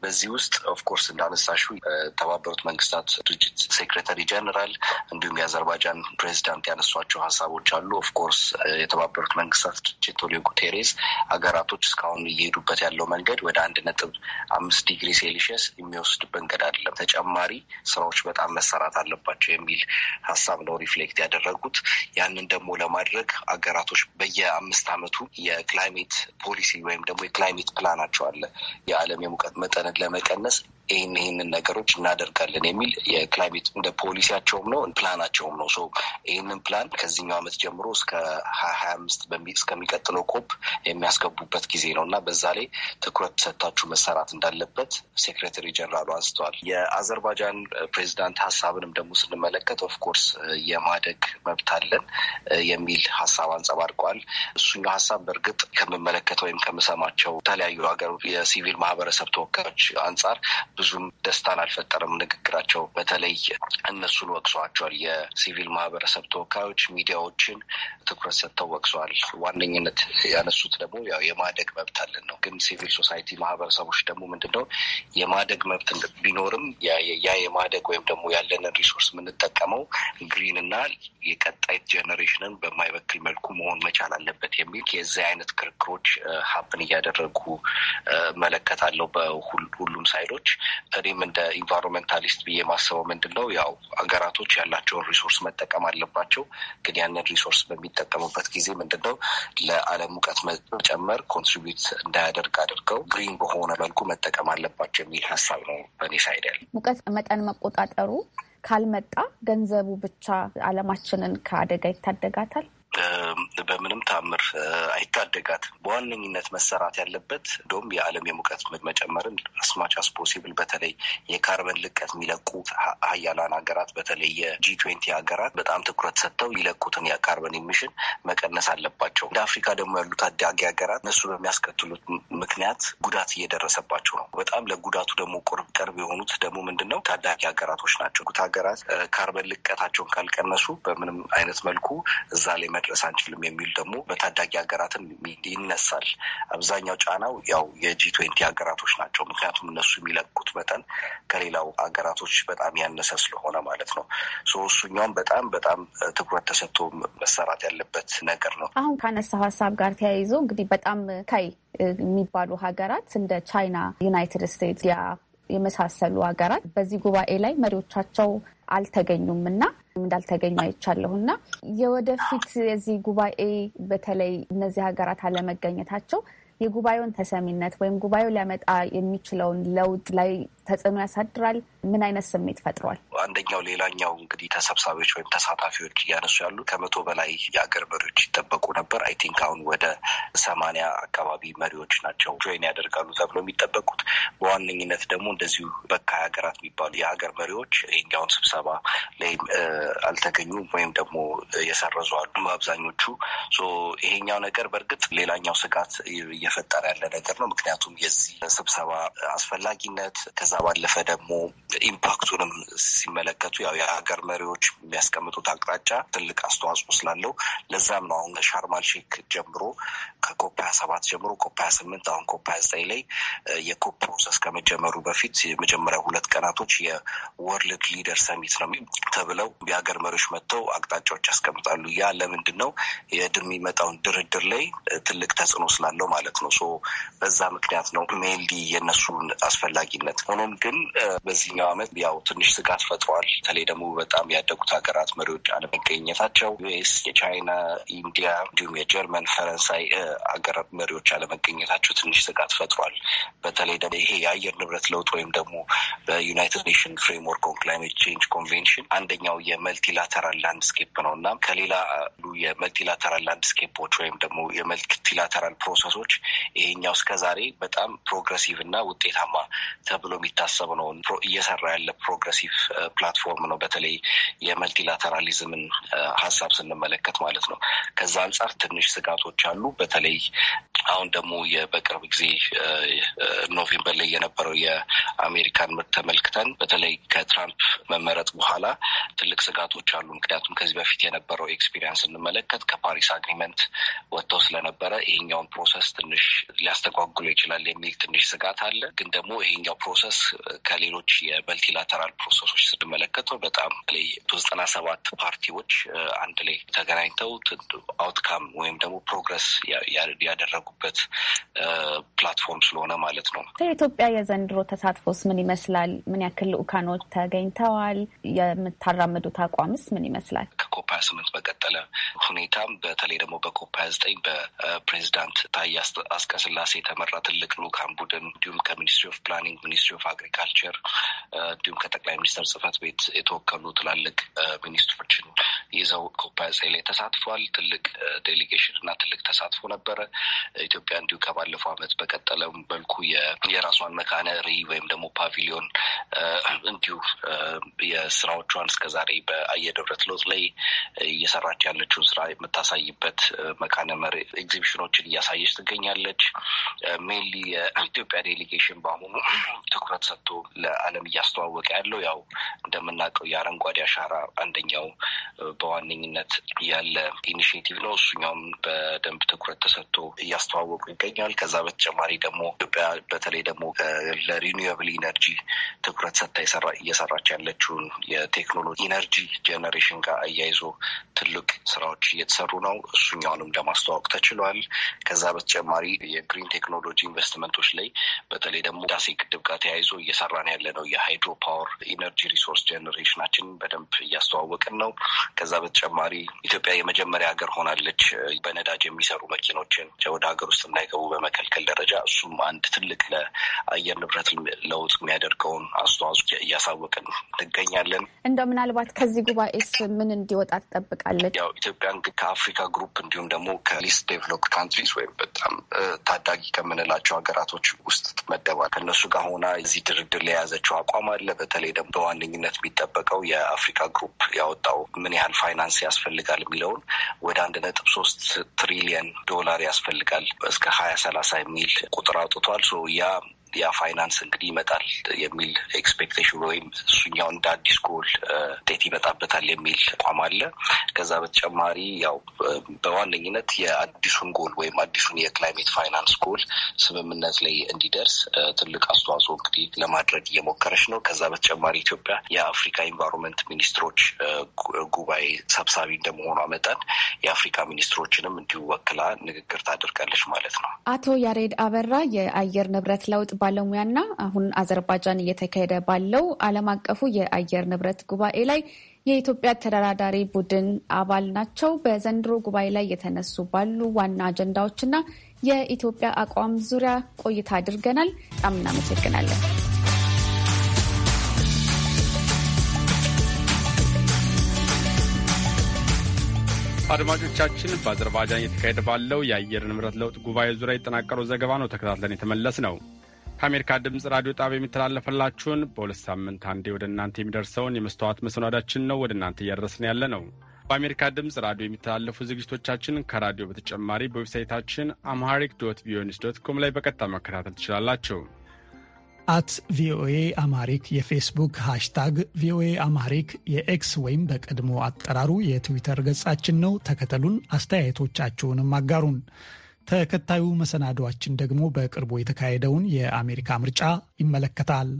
በዚህ ውስጥ ኦፍኮርስ እንዳነሳሹ የተባበሩት መንግስታት ድርጅት ሴክሬታሪ ጀነራል እንዲሁም የአዘርባይጃን ፕሬዚዳንት ያነሷቸው ሀሳቦች አሉ። ኦፍኮርስ የተባበሩት መንግስታት ድርጅት ቶሊዮ ጉቴሬስ ሀገራቶች እስካሁን እየሄዱበት ያለው መንገድ ወደ አንድ ነጥብ አምስት ዲግሪ ሴልሺየስ የሚወስድ መንገድ አይደለም፣ ተጨማሪ ስራዎች በጣም መሰራት አለባቸው የሚል ሀሳብ ነው ሪፍሌክት ያደረጉት። ያንን ደግሞ ለማድረግ ሀገራቶች በየአምስት አመቱ የክላይሜት ፖሊሲ ወይም ደግሞ የክላይሜት ፕላናቸው አለ የዓለም የሙቀት መጠንን ለመቀነስ ይህን ይህንን ነገሮች እናደርጋለን የሚል የክላይሜት እንደ ፖሊሲያቸውም ነው ፕላናቸውም ነው። ይህንን ፕላን ከዚህኛው ዓመት ጀምሮ እስከ ሀያ አምስት እስከሚቀጥለው ኮፕ የሚያስገቡበት ጊዜ ነው እና በዛ ላይ ትኩረት ሰጥታችሁ መሰራት እንዳለበት ሴክሬታሪ ጀነራሉ አንስተዋል። የአዘርባጃን ፕሬዚዳንት ሀሳብንም ደግሞ ስንመለከት ኦፍኮርስ የማደግ መብት አለን የሚል ሀሳብ አንጸባርቀዋል። እሱኛው ሀሳብ በእርግጥ ከምመለከተው ወይም ከምሰማቸው የተለያዩ ሀገር የሲቪል ማህበረሰብ ተወካዮች አንጻር ብዙም ደስታን አልፈጠረም ንግግራቸው። በተለይ እነሱን ወቅሰዋቸዋል። የሲቪል ማህበረሰብ ተወካዮች ሚዲያዎችን ትኩረት ሰጥተው ወቅሰዋል። ዋነኝነት ያነሱት ደግሞ ያው የማደግ መብት አለን ነው። ግን ሲቪል ሶሳይቲ ማህበረሰቦች ደግሞ ምንድነው የማደግ መብት ቢኖርም ያ የማደግ ወይም ደግሞ ያለንን ሪሶርስ የምንጠቀመው ግሪን እና የቀጣይ ጀኔሬሽንን በማይበክል መልኩ መሆን መቻል አለበት የሚል የዚህ አይነት ክርክሮች ሀፕን እያደረጉ እመለከታለሁ በሁሉም ሳይሎች እኔም እንደ ኢንቫይሮንመንታሊስት ብዬ ማስበው ምንድን ነው ያው ሀገራቶች ያላቸውን ሪሶርስ መጠቀም አለባቸው። ግን ያንን ሪሶርስ በሚጠቀሙበት ጊዜ ምንድን ነው ለዓለም ሙቀት መጨመር ኮንትሪቢዩት እንዳያደርግ አድርገው ግሪን በሆነ መልኩ መጠቀም አለባቸው የሚል ሀሳብ ነው በእኔ ሳይድ ያለ። ሙቀት መጠን መቆጣጠሩ ካልመጣ ገንዘቡ ብቻ አለማችንን ከአደጋ ይታደጋታል። በምንም ታምር አይታደጋትም። በዋነኝነት መሰራት ያለበት እንደውም የዓለም የሙቀት መጨመርን አስማች አስ ፖሲብል በተለይ የካርበን ልቀት የሚለቁ ሀያላን ሀገራት በተለይ የጂ ትዌንቲ ሀገራት በጣም ትኩረት ሰጥተው ይለቁትን የካርበን ኢሚሽን መቀነስ አለባቸው። እንደ አፍሪካ ደግሞ ያሉ ታዳጊ ሀገራት እነሱ በሚያስከትሉት ምክንያት ጉዳት እየደረሰባቸው ነው። በጣም ለጉዳቱ ደግሞ ቁርብ ቅርብ የሆኑት ደግሞ ምንድን ነው ታዳጊ ሀገራቶች ናቸው። ሀገራት ካርበን ልቀታቸውን ካልቀነሱ በምንም አይነት መልኩ እዛ ላይ መድረስ አንችልም የሚል ደግሞ በታዳጊ ሀገራትም ይነሳል። አብዛኛው ጫናው ያው የጂ ትዌንቲ ሀገራቶች ናቸው። ምክንያቱም እነሱ የሚለቁት መጠን ከሌላው ሀገራቶች በጣም ያነሰ ስለሆነ ማለት ነው። እሱኛውም በጣም በጣም ትኩረት ተሰጥቶ መሰራት ያለበት ነገር ነው። አሁን ካነሳው ሀሳብ ጋር ተያይዞ እንግዲህ በጣም ካይ የሚባሉ ሀገራት እንደ ቻይና፣ ዩናይትድ ስቴትስ የመሳሰሉ ሀገራት በዚህ ጉባኤ ላይ መሪዎቻቸው አልተገኙም እና እንዳልተገኙ አይቻለሁ እና የወደፊት የዚህ ጉባኤ በተለይ እነዚህ ሀገራት አለመገኘታቸው የጉባኤውን ተሰሚነት ወይም ጉባኤው ሊያመጣ የሚችለውን ለውጥ ላይ ተጽዕኖ ያሳድራል? ምን አይነት ስሜት ፈጥሯል? አንደኛው ሌላኛው እንግዲህ ተሰብሳቢዎች ወይም ተሳታፊዎች እያነሱ ያሉ ከመቶ በላይ የአገር መሪዎች ይጠበቁ ነበር። አይ ቲንክ አሁን ወደ ሰማንያ አካባቢ መሪዎች ናቸው ጆይን ያደርጋሉ ተብሎ የሚጠበቁት። በዋነኝነት ደግሞ እንደዚሁ በካይ ሀገራት የሚባሉ የሀገር መሪዎች ይህኛውን ስብሰባ ላይ አልተገኙም ወይም ደግሞ የሰረዙ አሉ አብዛኞቹ። ይሄኛው ነገር በእርግጥ ሌላኛው ስጋት እየፈጠረ ያለ ነገር ነው። ምክንያቱም የዚህ ስብሰባ አስፈላጊነት ከዛ ከዛ ባለፈ ደግሞ ኢምፓክቱንም ሲመለከቱ ያው የሀገር መሪዎች የሚያስቀምጡት አቅጣጫ ትልቅ አስተዋጽኦ ስላለው ለዛም ነው አሁን ከሻርማል ሼክ ጀምሮ ከኮፕ ሀያ ሰባት ጀምሮ ኮፕ ሀያ ስምንት አሁን ኮፕ ሀያ ዘጠኝ ላይ የኮፕ ፕሮሰስ ከመጀመሩ በፊት የመጀመሪያ ሁለት ቀናቶች የወርልድ ሊደር ሰሚት ነው ተብለው የሀገር መሪዎች መጥተው አቅጣጫዎች ያስቀምጣሉ። ያ ለምንድን ነው የሚመጣውን ድርድር ላይ ትልቅ ተጽዕኖ ስላለው ማለት ነው። በዛ ምክንያት ነው ሜንሊ የነሱን አስፈላጊነት ሆኖ ሆኖም ግን በዚህኛው ዓመት ያው ትንሽ ስጋት ፈጥሯል። በተለይ ደግሞ በጣም ያደጉት ሀገራት መሪዎች አለመገኘታቸው ዩኤስ፣ የቻይና፣ ኢንዲያ እንዲሁም የጀርመን ፈረንሳይ አገር መሪዎች አለመገኘታቸው ትንሽ ስጋት ፈጥሯል። በተለይ ደግሞ ይሄ የአየር ንብረት ለውጥ ወይም ደግሞ በዩናይትድ ኔሽን ፍሬምወርክ ኦን ክላይሜት ቼንጅ ኮንቬንሽን አንደኛው የመልቲላተራል ላንድስኬፕ ነው እና ከሌላ የመልቲላተራል ላንድስኬፖች ወይም ደግሞ የመልቲላተራል ፕሮሰሶች ይሄኛው እስከዛሬ በጣም ፕሮግረሲቭ እና ውጤታማ ተብሎ የሚታሰብ ነው። እየሰራ ያለ ፕሮግረሲቭ ፕላትፎርም ነው። በተለይ የመልቲላተራሊዝምን ሀሳብ ስንመለከት ማለት ነው። ከዛ አንጻር ትንሽ ስጋቶች አሉ። በተለይ አሁን ደግሞ በቅርብ ጊዜ ኖቬምበር ላይ የነበረው የአሜሪካን ምርት ተመልክተን በተለይ ከትራምፕ መመረጥ በኋላ ትልቅ ስጋቶች አሉ። ምክንያቱም ከዚህ በፊት የነበረው ኤክስፒሪንስ እንመለከት ከፓሪስ አግሪመንት ወጥተው ስለነበረ ይሄኛውን ፕሮሰስ ትንሽ ሊያስተጓጉሎ ይችላል የሚል ትንሽ ስጋት አለ። ግን ደግሞ ይሄኛው ፕሮሰስ ከሌሎች የመልቲላተራል ፕሮሰሶች ስንመለከተው በጣም ላይ ዘጠና ሰባት ፓርቲዎች አንድ ላይ ተገናኝተው አውትካም ወይም ደግሞ ፕሮግረስ ያደረጉ የሚማሩበት ፕላትፎርም ስለሆነ ማለት ነው። ከኢትዮጵያ የዘንድሮ ተሳትፎስ ምን ይመስላል? ምን ያክል ልኡካኖች ተገኝተዋል? የምታራምዱት አቋምስ ምን ይመስላል? ከኮፕ ሀያ ስምንት በቀጠለ ሁኔታም በተለይ ደግሞ በኮፕ ሀያ ዘጠኝ በፕሬዚዳንት ታዬ አጽቀሥላሴ የተመራ ትልቅ ልኡካን ቡድን እንዲሁም ከሚኒስትሪ ኦፍ ፕላኒንግ፣ ሚኒስትሪ ኦፍ አግሪካልቸር እንዲሁም ከጠቅላይ ሚኒስትር ጽህፈት ቤት የተወከሉ ትላልቅ ሚኒስትሮችን ይዘው ኮፓያሳይ ላይ ተሳትፏል። ትልቅ ዴሊጌሽን እና ትልቅ ተሳትፎ ነበረ። ኢትዮጵያ እንዲሁ ከባለፈው ዓመት በቀጠለ መልኩ የራሷን መካነሪ ወይም ደግሞ ፓቪሊዮን እንዲሁ የስራዎቿን እስከዛሬ በአየር ንብረት ለውጥ ላይ እየሰራች ያለችውን ስራ የምታሳይበት መካነ መሪ ኤግዚቢሽኖችን እያሳየች ትገኛለች። ሜንሊ የኢትዮጵያ ዴሊጌሽን በአሁኑ ትኩረት ሰጥቶ ለዓለም እያስተዋወቀ ያለው ያው እንደምናውቀው የአረንጓዴ አሻራ አንደኛው በዋነኝነት ያለ ኢኒሽቲቭ ነው። እሱኛውም በደንብ ትኩረት ተሰጥቶ እያስተዋወቁ ይገኛል። ከዛ በተጨማሪ ደግሞ ኢትዮጵያ በተለይ ደግሞ ለሪኒዌብል ኢነርጂ ትኩረት ሰጥታ እየሰራች ያለችውን የቴክኖሎጂ ኢነርጂ ጄኔሬሽን ጋር አያይዞ ትልቅ ስራዎች እየተሰሩ ነው። እሱኛውንም ለማስተዋወቅ ተችሏል። ከዛ በተጨማሪ የግሪን ቴክኖሎጂ ኢንቨስትመንቶች ላይ በተለይ ደግሞ ዳሴ ግድብ ጋር ተያይዞ እየሰራን ያለ ነው። የሃይድሮ ፓወር ኢነርጂ ሪሶርስ ጄኔሬሽናችንን በደንብ እያስተዋወቅን ነው። ከዛ በተጨማሪ ኢትዮጵያ የመጀመሪያ ሀገር ሆናለች በነዳጅ የሚሰሩ መኪኖችን ወደ ሀገር ውስጥ እንዳይገቡ በመከልከል ደረጃ እሱም አንድ ትልቅ ለአየር ንብረት ለውጥ የሚያደርገውን አስተዋጽኦ እያሳወቅን እንገኛለን። እንደው ምናልባት ከዚህ ጉባኤስ ምን እንዲወጣ ትጠብቃለች? ያው ኢትዮጵያ ከአፍሪካ ግሩፕ እንዲሁም ደግሞ ከሊስት ዴቨሎፕ ካንትሪስ ወይም በጣም ታዳጊ ከምንላቸው ሀገራቶች ውስጥ ትመደባል። ከእነሱ ጋር ሆና እዚህ ድርድር ለያዘችው የያዘችው አቋም አለ። በተለይ ደግሞ በዋነኝነት የሚጠበቀው የአፍሪካ ግሩፕ ያወጣው ምን ያህል ፋይናንስ ያስፈልጋል የሚለውን ወደ አንድ ነጥብ ሶስት ትሪሊየን ዶላር ያስፈልጋል እስከ ሀያ ሰላሳ የሚል ቁጥር አውጥቷል። ያ ያ ፋይናንስ እንግዲህ ይመጣል የሚል ኤክስፔክቴሽን ወይም እሱኛው እንደ አዲስ ጎል uh, ውጤት ይመጣበታል የሚል አቋም አለ። ከዛ በተጨማሪ ያው um, በዋነኝነት የአዲሱን ጎል ወይም አዲሱን የክላይሜት ፋይናንስ ጎል ስምምነት ላይ እንዲደርስ uh, ትልቅ አስተዋጽኦ እንግዲህ ለማድረግ እየሞከረች ነው። ከዛ በተጨማሪ ኢትዮጵያ የአፍሪካ ኢንቫይሮንመንት ሚኒስትሮች uh, ጉባኤ ሰብሳቢ እንደመሆኗ መጠን የአፍሪካ ሚኒስትሮችንም እንዲወክላ ንግግር ታደርጋለች ማለት ነው። አቶ ያሬድ አበራ የአየር ንብረት ለውጥ ባለሙያና አሁን አዘርባጃን እየተካሄደ ባለው ዓለም አቀፉ የአየር ንብረት ጉባኤ ላይ የኢትዮጵያ ተደራዳሪ ቡድን አባል ናቸው። በዘንድሮ ጉባኤ ላይ የተነሱ ባሉ ዋና አጀንዳዎችና የኢትዮጵያ አቋም ዙሪያ ቆይታ አድርገናል። በጣም እናመሰግናለን። አድማጮቻችን በአዘርባጃን እየተካሄደ ባለው የአየር ንብረት ለውጥ ጉባኤ ዙሪያ የተጠናቀረው ዘገባ ነው ተከታትለን የተመለስ ነው። ከአሜሪካ ድምፅ ራዲዮ ጣቢያ የሚተላለፈላችሁን በሁለት ሳምንት አንዴ ወደ እናንተ የሚደርሰውን የመስተዋት መሰናዳችን ነው ወደ እናንተ እያደረስን ያለ ነው። በአሜሪካ ድምፅ ራዲዮ የሚተላለፉ ዝግጅቶቻችን ከራዲዮ በተጨማሪ በዌብሳይታችን አምሃሪክ ዶት ቪኦኤ ዶት ኮም ላይ በቀጥታ መከታተል ትችላላችሁ። አት ቪኦኤ አማሪክ የፌስቡክ ሃሽታግ ቪኦኤ አማሪክ የኤክስ ወይም በቀድሞ አጠራሩ የትዊተር ገጻችን ነው። ተከተሉን፣ አስተያየቶቻችሁንም አጋሩን። ተከታዩ መሰናዷችን ደግሞ በቅርቡ የተካሄደውን የአሜሪካ ምርጫ ይመለከታል።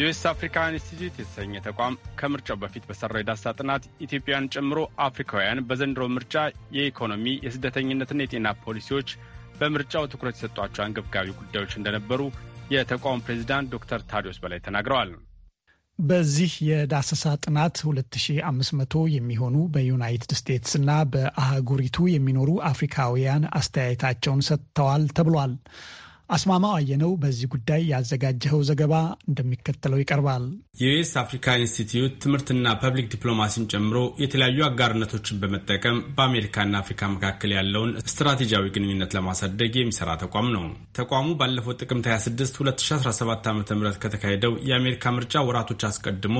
ዩኤስ አፍሪካ ኢንስቲትዩት የተሰኘ ተቋም ከምርጫው በፊት በሰራው የዳሳ ጥናት ኢትዮጵያን ጨምሮ አፍሪካውያን በዘንድሮ ምርጫ የኢኮኖሚ፣ የስደተኝነትና የጤና ፖሊሲዎች በምርጫው ትኩረት የሰጧቸው አንገብጋቢ ጉዳዮች እንደነበሩ የተቋሙ ፕሬዚዳንት ዶክተር ታዲዮስ በላይ ተናግረዋል። በዚህ የዳሰሳ ጥናት 2500 የሚሆኑ በዩናይትድ ስቴትስ እና በአህጉሪቱ የሚኖሩ አፍሪካውያን አስተያየታቸውን ሰጥተዋል ተብሏል። አስማማው አየነው በዚህ ጉዳይ ያዘጋጀኸው ዘገባ እንደሚከተለው ይቀርባል። የዩኤስ አፍሪካ ኢንስቲትዩት ትምህርትና ፐብሊክ ዲፕሎማሲን ጨምሮ የተለያዩ አጋርነቶችን በመጠቀም በአሜሪካና አፍሪካ መካከል ያለውን ስትራቴጂያዊ ግንኙነት ለማሳደግ የሚሰራ ተቋም ነው። ተቋሙ ባለፈው ጥቅምት 26 2017 ዓ ም ከተካሄደው የአሜሪካ ምርጫ ወራቶች አስቀድሞ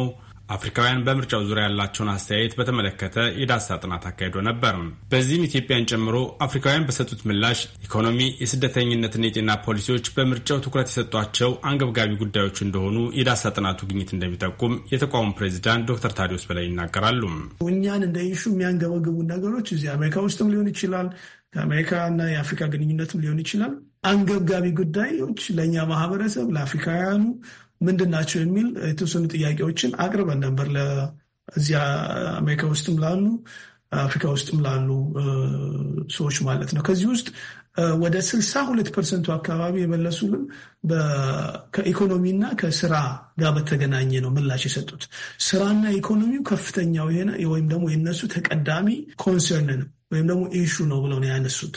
አፍሪካውያን በምርጫው ዙሪያ ያላቸውን አስተያየት በተመለከተ የዳሳ ጥናት አካሂዶ ነበር። በዚህም ኢትዮጵያን ጨምሮ አፍሪካውያን በሰጡት ምላሽ ኢኮኖሚ፣ የስደተኝነትና የጤና ፖሊሲዎች በምርጫው ትኩረት የሰጧቸው አንገብጋቢ ጉዳዮች እንደሆኑ የዳሳ ጥናቱ ግኝት እንደሚጠቁም የተቋሙ ፕሬዚዳንት ዶክተር ታዲዮስ በላይ ይናገራሉ። እኛን እንደ ኢሹ የሚያንገበግቡ ነገሮች እዚህ አሜሪካ ውስጥም ሊሆን ይችላል ከአሜሪካ እና የአፍሪካ ግንኙነትም ሊሆን ይችላል። አንገብጋቢ ጉዳዮች ለእኛ ማህበረሰብ ለአፍሪካውያኑ ምንድን ናቸው የሚል የተወሰኑ ጥያቄዎችን አቅርበን ነበር ለእዚያ አሜሪካ ውስጥም ላሉ አፍሪካ ውስጥም ላሉ ሰዎች ማለት ነው። ከዚህ ውስጥ ወደ ስልሳ ሁለት ፐርሰንቱ አካባቢ የመለሱልን ከኢኮኖሚና ከስራ ጋር በተገናኘ ነው ምላሽ የሰጡት። ስራና ኢኮኖሚው ከፍተኛው ወይም ደግሞ የነሱ ተቀዳሚ ኮንሰርን ነው ወይም ደግሞ ኢሹ ነው ብለው ነው ያነሱት።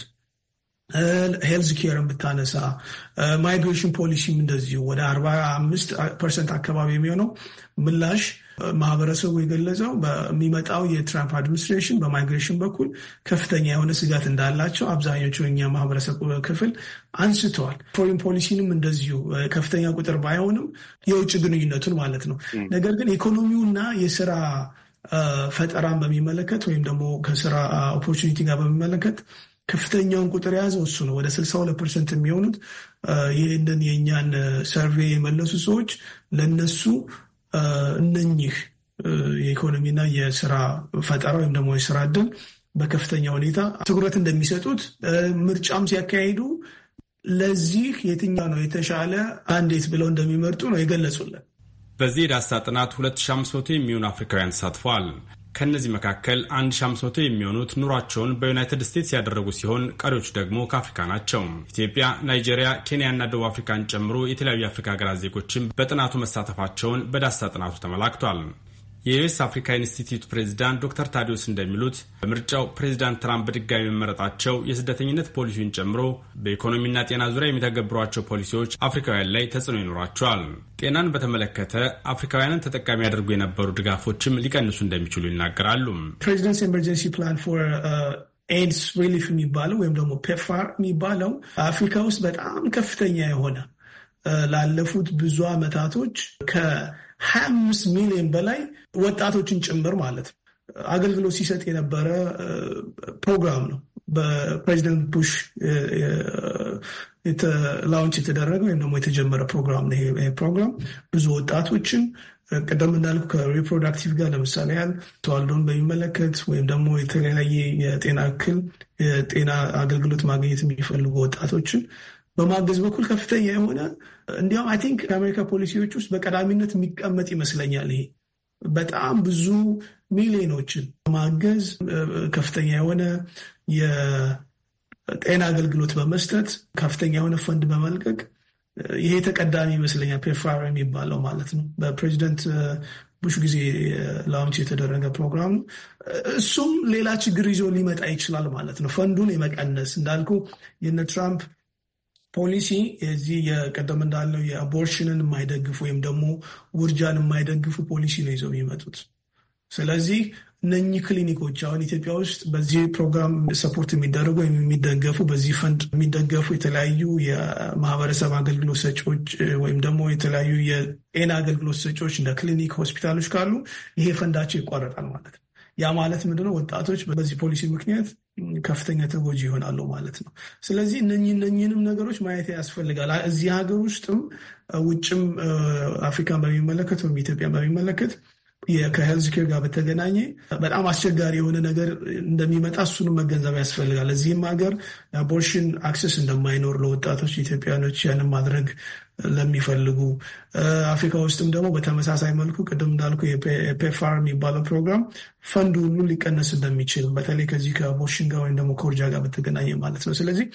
ሄልዝ ኬርን ብታነሳ ማይግሬሽን ፖሊሲም እንደዚሁ ወደ አርባ አምስት ፐርሰንት አካባቢ የሚሆነው ምላሽ ማህበረሰቡ የገለጸው በሚመጣው የትራምፕ አድሚኒስትሬሽን በማይግሬሽን በኩል ከፍተኛ የሆነ ስጋት እንዳላቸው አብዛኞቹ የኛ ማህበረሰብ ክፍል አንስተዋል። ፎሪን ፖሊሲንም እንደዚሁ ከፍተኛ ቁጥር ባይሆንም የውጭ ግንኙነቱን ማለት ነው። ነገር ግን ኢኮኖሚውና የስራ ፈጠራን በሚመለከት ወይም ደግሞ ከስራ ኦፖርቹኒቲ ጋር በሚመለከት ከፍተኛውን ቁጥር የያዘው እሱ ነው። ወደ 62 ፐርሰንት የሚሆኑት ይህንን የእኛን ሰርቬ የመለሱ ሰዎች ለነሱ እነኚህ የኢኮኖሚና የስራ ፈጠራ ወይም ደግሞ የስራ እድል በከፍተኛ ሁኔታ ትኩረት እንደሚሰጡት ምርጫም ሲያካሂዱ ለዚህ የትኛው ነው የተሻለ አንዴት ብለው እንደሚመርጡ ነው የገለጹልን። በዚህ የዳሳ ጥናት 2500 የሚሆኑ አፍሪካውያን ተሳትፈዋል። ከእነዚህ መካከል 1500 የሚሆኑት ኑሯቸውን በዩናይትድ ስቴትስ ያደረጉ ሲሆን ቀሪዎቹ ደግሞ ከአፍሪካ ናቸው። ኢትዮጵያ፣ ናይጄሪያ፣ ኬንያና ደቡብ አፍሪካን ጨምሮ የተለያዩ የአፍሪካ ሀገራት ዜጎችም በጥናቱ መሳተፋቸውን በዳሳ ጥናቱ ተመላክቷል። የዩኤስ አፍሪካ ኢንስቲትዩት ፕሬዚዳንት ዶክተር ታዲዮስ እንደሚሉት በምርጫው ፕሬዚዳንት ትራምፕ በድጋሚ መመረጣቸው የስደተኝነት ፖሊሲውን ጨምሮ በኢኮኖሚና ጤና ዙሪያ የሚተገብሯቸው ፖሊሲዎች አፍሪካውያን ላይ ተጽዕኖ ይኖራቸዋል። ጤናን በተመለከተ አፍሪካውያንን ተጠቃሚ ያደርጉ የነበሩ ድጋፎችም ሊቀንሱ እንደሚችሉ ይናገራሉ። ፕሬዚደንት ኤመርጀንሲ ፕላን ፎር ኤድስ ሪሊፍ የሚባለው ወይም ደግሞ ፔፋር የሚባለው አፍሪካ ውስጥ በጣም ከፍተኛ የሆነ uh, ላለፉት ብዙ ዓመታቶች ከ ሀያ አምስት ሚሊዮን በላይ ወጣቶችን ጭምር ማለት ነው አገልግሎት ሲሰጥ የነበረ ፕሮግራም ነው። በፕሬዚደንት ቡሽ ላውንች የተደረገ ወይም ደግሞ የተጀመረ ፕሮግራም ነው። ይሄ ፕሮግራም ብዙ ወጣቶችን ቀደም እንዳልኩ ከሪፕሮዳክቲቭ ጋር ለምሳሌ ያህል ተዋልዶን በሚመለከት ወይም ደግሞ የተለያየ የጤና እክል የጤና አገልግሎት ማግኘት የሚፈልጉ ወጣቶችን በማገዝ በኩል ከፍተኛ የሆነ እንዲያውም አይ ቲንክ የአሜሪካ ፖሊሲዎች ውስጥ በቀዳሚነት የሚቀመጥ ይመስለኛል። ይሄ በጣም ብዙ ሚሊዮኖችን በማገዝ ከፍተኛ የሆነ የጤና አገልግሎት በመስጠት ከፍተኛ የሆነ ፈንድ በመልቀቅ ይሄ ተቀዳሚ ይመስለኛል። ፔፋር የሚባለው ማለት ነው። በፕሬዚደንት ቡሽ ጊዜ ላውንች የተደረገ ፕሮግራም እሱም ሌላ ችግር ይዞ ሊመጣ ይችላል ማለት ነው። ፈንዱን የመቀነስ እንዳልኩ የነ ትራምፕ ፖሊሲ የዚህ የቀደም እንዳለው የአቦርሽንን የማይደግፍ ወይም ደግሞ ውርጃን የማይደግፉ ፖሊሲ ነው ይዘው የሚመጡት። ስለዚህ እነኚህ ክሊኒኮች አሁን ኢትዮጵያ ውስጥ በዚህ ፕሮግራም ሰፖርት የሚደረጉ ወይም የሚደገፉ በዚህ ፈንድ የሚደገፉ የተለያዩ የማህበረሰብ አገልግሎት ሰጪዎች ወይም ደግሞ የተለያዩ የጤና አገልግሎት ሰጪዎች እንደ ክሊኒክ፣ ሆስፒታሎች ካሉ ይሄ ፈንዳቸው ይቋረጣል ማለት ነው። ያ ማለት ምንድነው? ወጣቶች በዚህ ፖሊሲ ምክንያት ከፍተኛ ተጎጂ ይሆናሉ ማለት ነው። ስለዚህ እነኝንም ነገሮች ማየት ያስፈልጋል። እዚህ ሀገር ውስጥም ውጭም አፍሪካን በሚመለከት ወይም ኢትዮጵያን በሚመለከት ከሄልዝ ኬር ጋር በተገናኘ በጣም አስቸጋሪ የሆነ ነገር እንደሚመጣ እሱንም መገንዘብ ያስፈልጋል። እዚህም ሀገር የአቦርሽን አክሰስ እንደማይኖር ለወጣቶች ኢትዮጵያኖች ያንን ማድረግ ለሚፈልጉ አፍሪካ ውስጥም ደግሞ በተመሳሳይ መልኩ ቅድም እንዳልኩ የፔፋር የሚባለው ፕሮግራም ፈንድ ሁሉ ሊቀነስ እንደሚችል በተለይ ከዚህ ከቦሽን ጋር ወይም ደግሞ ከውርጃ ጋር በተገናኘ ማለት ነው። ስለዚህ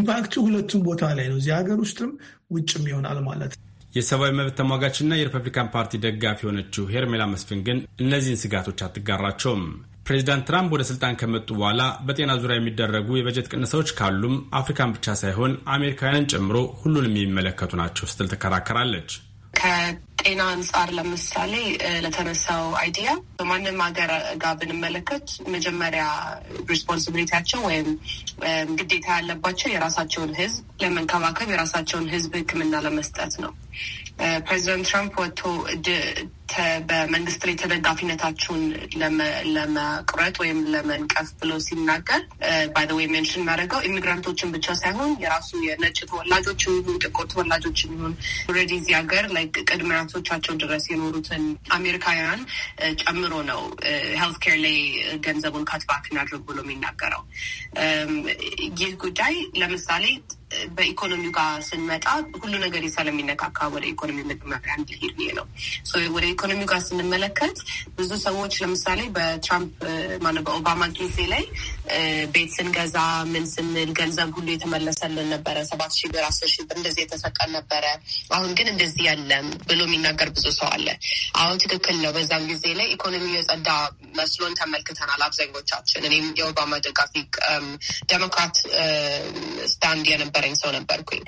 ኢምፓክቱ ሁለቱም ቦታ ላይ ነው፣ እዚህ ሀገር ውስጥም ውጭም ይሆናል ማለት ነው። የሰብአዊ መብት ተሟጋችና የሪፐብሊካን ፓርቲ ደጋፊ የሆነችው ሄርሜላ መስፍን ግን እነዚህን ስጋቶች አትጋራቸውም። ፕሬዚዳንት ትራምፕ ወደ ስልጣን ከመጡ በኋላ በጤና ዙሪያ የሚደረጉ የበጀት ቅነሳዎች ካሉም አፍሪካን ብቻ ሳይሆን አሜሪካውያንን ጨምሮ ሁሉንም የሚመለከቱ ናቸው ስትል ትከራከራለች። ከጤና አንጻር ለምሳሌ ለተነሳው አይዲያ በማንም ሀገር ጋር ብንመለከት መጀመሪያ ሪስፖንሲቢሊቲያቸው ወይም ግዴታ ያለባቸው የራሳቸውን ሕዝብ ለመንከባከብ የራሳቸውን ሕዝብ ሕክምና ለመስጠት ነው። ፕሬዚደንት ትራምፕ ወጥቶ በመንግስት ላይ ተደጋፊነታችሁን ለመቁረጥ ወይም ለመንቀፍ ብሎ ሲናገር ባይዘወይ ሜንሽን ማድረገው ኢሚግራንቶችን ብቻ ሳይሆን የራሱ የነጭ ተወላጆች ይሁን ጥቁር ተወላጆች ይሁን ኦልሬዲ እዚህ ሀገር ላይ ቅድመ አያቶቻቸው ድረስ የኖሩትን አሜሪካውያን ጨምሮ ነው ሄልት ኬር ላይ ገንዘቡን ካትባክን አድርጎ ነው የሚናገረው። ይህ ጉዳይ ለምሳሌ በኢኮኖሚው ጋር ስንመጣ ሁሉ ነገር ስለሚነካካ ወደ ኢኮኖሚ መጀመሪያ እንዲሄድ ነው። ወደ ኢኮኖሚው ጋር ስንመለከት ብዙ ሰዎች ለምሳሌ በትራምፕ ማነው በኦባማ ጊዜ ላይ ቤት ስንገዛ ምን ስንል ገንዘብ ሁሉ የተመለሰልን ነበረ። ሰባት ሺ ብር፣ አስር ሺ ብር እንደዚህ የተሰጠን ነበረ። አሁን ግን እንደዚህ ያለም ብሎ የሚናገር ብዙ ሰው አለ። አሁን ትክክል ነው። በዛም ጊዜ ላይ ኢኮኖሚው የጸዳ መስሎን ተመልክተናል አብዛኞቻችን። እኔም የኦባማ ደጋፊ ዴሞክራት ስታንድ የነበረ የነበረኝ ሰው ነበርኩኝ።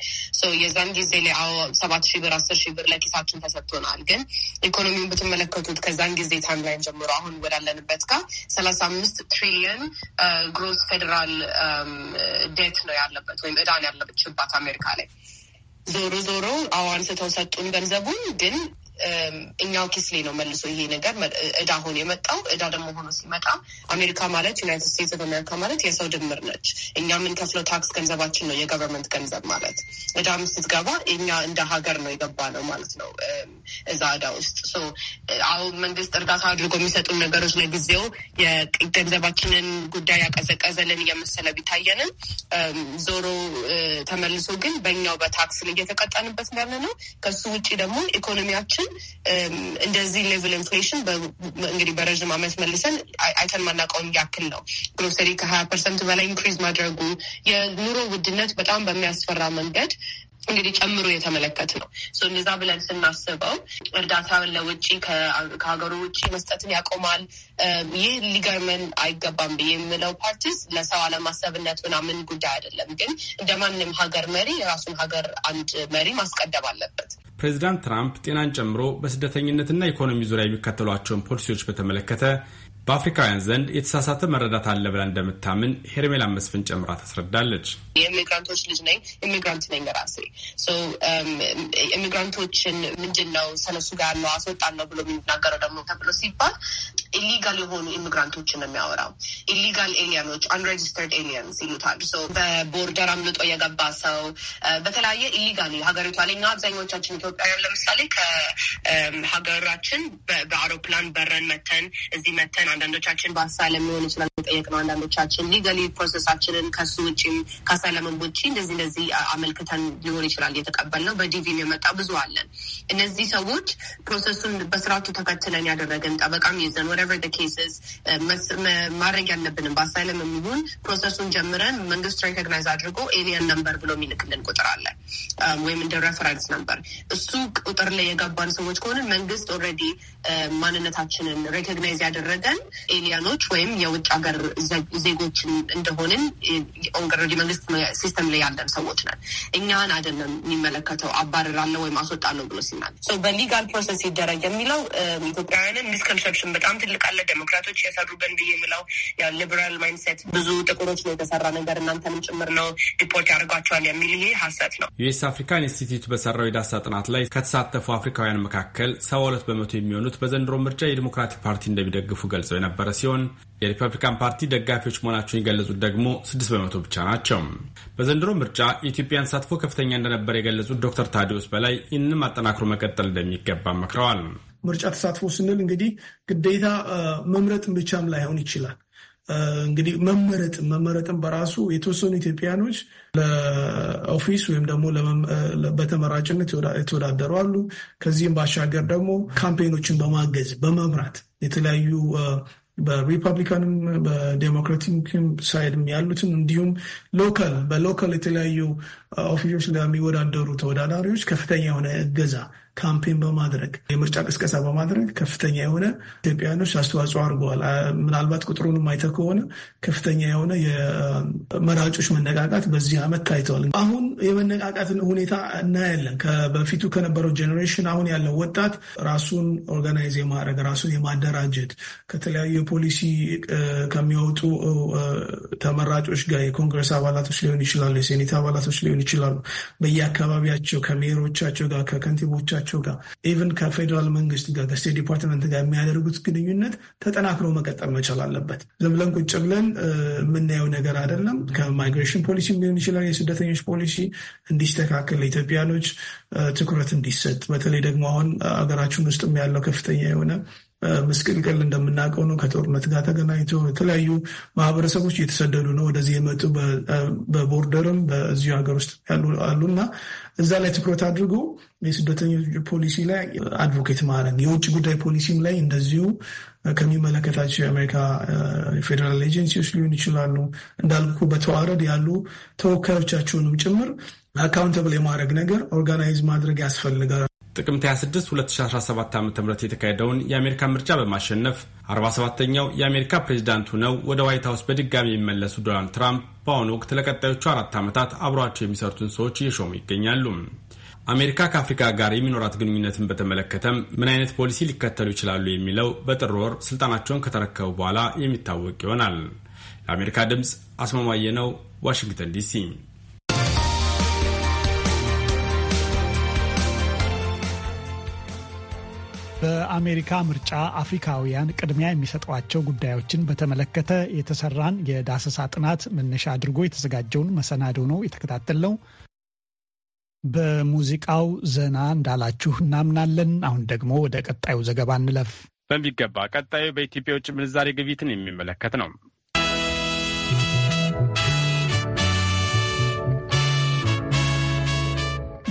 የዛን ጊዜ ላይ አዎ ሰባት ሺህ ብር አስር ሺህ ብር ለኪሳችን ተሰጥቶናል። ግን ኢኮኖሚውን ብትመለከቱት ከዛን ጊዜ ታይምላይን ጀምሮ አሁን ወዳለንበት ጋር ሰላሳ አምስት ትሪሊየን ግሮስ ፌዴራል ዴት ነው ያለበት ወይም እዳን ያለበችባት አሜሪካ ላይ ዞሮ ዞሮ አዎ አንስተው ሰጡን ገንዘቡን ግን እኛው ኪስ ላይ ነው መልሶ ይሄ ነገር እዳ ሆኖ የመጣው። እዳ ደግሞ ሆኖ ሲመጣ አሜሪካ ማለት ዩናይትድ ስቴትስ ኦፍ አሜሪካ ማለት የሰው ድምር ነች። እኛ የምንከፍለው ታክስ ገንዘባችን ነው፣ የገቨርንመንት ገንዘብ ማለት እዳም ስትገባ እኛ እንደ ሀገር ነው የገባ ነው ማለት ነው እዛ እዳ ውስጥ። አሁን መንግስት እርዳታ አድርጎ የሚሰጡን ነገሮች ለጊዜው የገንዘባችንን ጉዳይ ያቀዘቀዘልን እየመሰለ ቢታየንም ዞሮ ተመልሶ ግን በእኛው በታክስ ላይ እየተቀጣንበት ያለ ነው። ከሱ ውጭ ደግሞ ኢኮኖሚያችን እንደዚህ ሌቭል ኢንፍሌሽን እንግዲህ በረዥም ዓመት መልሰን አይተን ማናውቀውን ያክል ነው። ግሮሰሪ ከሀያ ፐርሰንት በላይ ኢንክሪዝ ማድረጉ የኑሮ ውድነት በጣም በሚያስፈራ መንገድ እንግዲህ ጨምሮ የተመለከት ነው። እንደዛ ብለን ስናስበው እርዳታ ለውጭ ከሀገሩ ውጭ መስጠትን ያቆማል። ይህ ሊገርመን አይገባም ብዬ የምለው ፓርቲስ ለሰው አለማሰብነት ምናምን ጉዳይ አይደለም፣ ግን እንደ ማንም ሀገር መሪ የራሱን ሀገር አንድ መሪ ማስቀደም አለበት። ፕሬዚዳንት ትራምፕ ጤናን ጨምሮ በስደተኝነትና ኢኮኖሚ ዙሪያ የሚከተሏቸውን ፖሊሲዎች በተመለከተ በአፍሪካውያን ዘንድ የተሳሳተ መረዳት አለ ብላ እንደምታምን ሄርሜላ መስፍን ጨምራ ታስረዳለች። የኢሚግራንቶች ልጅ ነኝ፣ ኢሚግራንት ነኝ ራሴ። um, ኢሚግራንቶችን ምንድን ነው ሰነሱ ጋር ነው አስወጣን ነው ብሎ የሚናገረው ደግሞ ተብሎ ሲባል ኢሊጋል የሆኑ ኢሚግራንቶችን ነው የሚያወራው። ኢሊጋል ኤሊያኖች አንሬጅስተርድ ኤሊያንስ ይሉታል። በቦርደር አምልጦ የገባ ሰው uh, በተለያየ ኢሊጋል ሀገሪቷ ላይ እና አብዛኛዎቻችን ኢትዮጵያውያን ለምሳሌ ከሀገራችን um, በአውሮፕላን በረን መተን እዚህ መተን አንዳንዶቻችን በአሳይለም ሊሆን ይችላል ነው አንዳንዶቻችን ሊገሊ ፕሮሰሳችንን ከሱ ውጭም ከሰለምን ውጭ እንደዚህ እንደዚህ አመልክተን ሊሆን ይችላል ነው። በዲቪም የመጣ ብዙ አለን። እነዚህ ሰዎች ፕሮሰሱን በስርዓቱ ተከትለን ያደረግን ጠበቃም ይዘን ወቨር ኬስስ ማድረግ ያለብንም በአሳይለም የሚሆን ፕሮሰሱን ጀምረን መንግስት ሬኮግናይዝ አድርጎ ኤሊየን ነምበር ብሎ የሚልክልን ቁጥር አለ ወይም እንደ ሬፈረንስ ነምበር እሱ ቁጥር ላይ የገባን ሰዎች ከሆነ መንግስት ኦልሬዲ ማንነታችንን ሬኮግናይዝ ያደረገን ኤሊያኖች ወይም የውጭ ሀገር ዜጎች እንደሆንን ኦንገረዲ መንግስት ሲስተም ላይ ያለን ሰዎች ነን። እኛን አይደለም የሚመለከተው አለ ወይም አስወጣለሁ ብሎ ሲናገር በሊጋል ፕሮሰስ ይደረግ የሚለው um, ኢትዮጵያውያንን ሚስኮንሰፕሽን በጣም ትልቅ አለ። ዴሞክራቶች የሰሩበን ብዬ የሚለው ሊበራል ማይንድሴት ብዙ ጥቁሮች ነው የተሰራ ነገር እናንተንም ጭምር ነው ዲፖርት ያደርጓቸዋል የሚል ይሄ ሀሰት ነው። ዩኤስ አፍሪካን ኢንስቲትዩት በሰራው የዳሳ ጥናት ላይ ከተሳተፉ አፍሪካውያን መካከል ሰባ ሁለት በመቶ የሚሆኑት በዘንድሮ ምርጫ የዲሞክራቲክ ፓርቲ እንደሚደግፉ ገልጸዋል። ተገልጾ የነበረ ሲሆን የሪፐብሊካን ፓርቲ ደጋፊዎች መሆናቸውን የገለጹት ደግሞ 6 በመቶ ብቻ ናቸው። በዘንድሮ ምርጫ የኢትዮጵያን ተሳትፎ ከፍተኛ እንደነበር የገለጹት ዶክተር ታዲዮስ በላይ ይህንም አጠናክሮ መቀጠል እንደሚገባ መክረዋል። ምርጫ ተሳትፎ ስንል እንግዲህ ግዴታ መምረጥ ብቻም ላይሆን ይችላል። እንግዲህ መመረጥን መመረጥን በራሱ የተወሰኑ ኢትዮጵያኖች ለኦፊስ ወይም ደግሞ በተመራጭነት የተወዳደሩ አሉ። ከዚህም ባሻገር ደግሞ ካምፔኖችን በማገዝ በመምራት የተለያዩ በሪፐብሊካንም በዴሞክራቲክም ሳይድም ያሉትን እንዲሁም ሎካል በሎካል የተለያዩ ኦፊሶች ለሚወዳደሩ ተወዳዳሪዎች ከፍተኛ የሆነ እገዛ ካምፔን በማድረግ የምርጫ ቅስቀሳ በማድረግ ከፍተኛ የሆነ ኢትዮጵያኖች አስተዋጽኦ አድርገዋል። ምናልባት ቁጥሩን ማይተ ከሆነ ከፍተኛ የሆነ የመራጮች መነቃቃት በዚህ ዓመት ታይተዋል። አሁን የመነቃቃትን ሁኔታ እናያለን። በፊቱ ከነበረው ጄኔሬሽን አሁን ያለው ወጣት ራሱን ኦርጋናይዝ የማድረግ ራሱን የማደራጀት ከተለያዩ የፖሊሲ ከሚወጡ ተመራጮች ጋር የኮንግረስ አባላቶች ሊሆን ይችላሉ፣ የሴኔት አባላቶች ሊሆን ይችላሉ፣ በየአካባቢያቸው ከሜሮቻቸው ጋር ከከንቲቦቻቸው ከራሳቸው ጋር ኢቨን ከፌዴራል መንግስት ጋር ከስቴት ዲፓርትመንት ጋር የሚያደርጉት ግንኙነት ተጠናክሮ መቀጠል መቻል አለበት። ዝም ብለን ቁጭ ብለን የምናየው ነገር አይደለም። ከማይግሬሽን ፖሊሲ ሊሆን ይችላል የስደተኞች ፖሊሲ እንዲስተካከል ኢትዮጵያኖች ትኩረት እንዲሰጥ በተለይ ደግሞ አሁን ሀገራችን ውስጥም ያለው ከፍተኛ የሆነ ምስቅልቅል እንደምናውቀው ነው። ከጦርነት ጋር ተገናኝቶ የተለያዩ ማህበረሰቦች እየተሰደዱ ነው ወደዚህ የመጡ በቦርደርም በዚሁ ሀገር ውስጥ ያሉ አሉና እዛ ላይ ትኩረት አድርጎ የስደተኞች ፖሊሲ ላይ አድቮኬት ማድረግ የውጭ ጉዳይ ፖሊሲም ላይ እንደዚሁ ከሚመለከታቸው የአሜሪካ ፌዴራል ኤጀንሲዎች ሊሆን ይችላሉ እንዳልኩ በተዋረድ ያሉ ተወካዮቻቸውንም ጭምር አካውንተብል የማድረግ ነገር ኦርጋናይዝ ማድረግ ያስፈልጋል። ጥቅምት 26 2017 ዓ ም የተካሄደውን የአሜሪካ ምርጫ በማሸነፍ 47ኛው የአሜሪካ ፕሬዚዳንት ሆነው ወደ ዋይት ሀውስ በድጋሚ የሚመለሱ ዶናልድ ትራምፕ በአሁኑ ወቅት ለቀጣዮቹ አራት ዓመታት አብሯቸው የሚሰሩትን ሰዎች እየሾሙ ይገኛሉ። አሜሪካ ከአፍሪካ ጋር የሚኖራት ግንኙነትን በተመለከተም ምን አይነት ፖሊሲ ሊከተሉ ይችላሉ የሚለው በጥር ወር ስልጣናቸውን ከተረከቡ በኋላ የሚታወቅ ይሆናል። ለአሜሪካ ድምፅ አስማማየ ነው፣ ዋሽንግተን ዲሲ በአሜሪካ ምርጫ አፍሪካውያን ቅድሚያ የሚሰጧቸው ጉዳዮችን በተመለከተ የተሰራን የዳሰሳ ጥናት መነሻ አድርጎ የተዘጋጀውን መሰናዶ ነው የተከታተልነው። በሙዚቃው ዘና እንዳላችሁ እናምናለን። አሁን ደግሞ ወደ ቀጣዩ ዘገባ እንለፍ። በሚገባ ቀጣዩ በኢትዮጵያ ውጭ ምንዛሬ ግብይትን የሚመለከት ነው።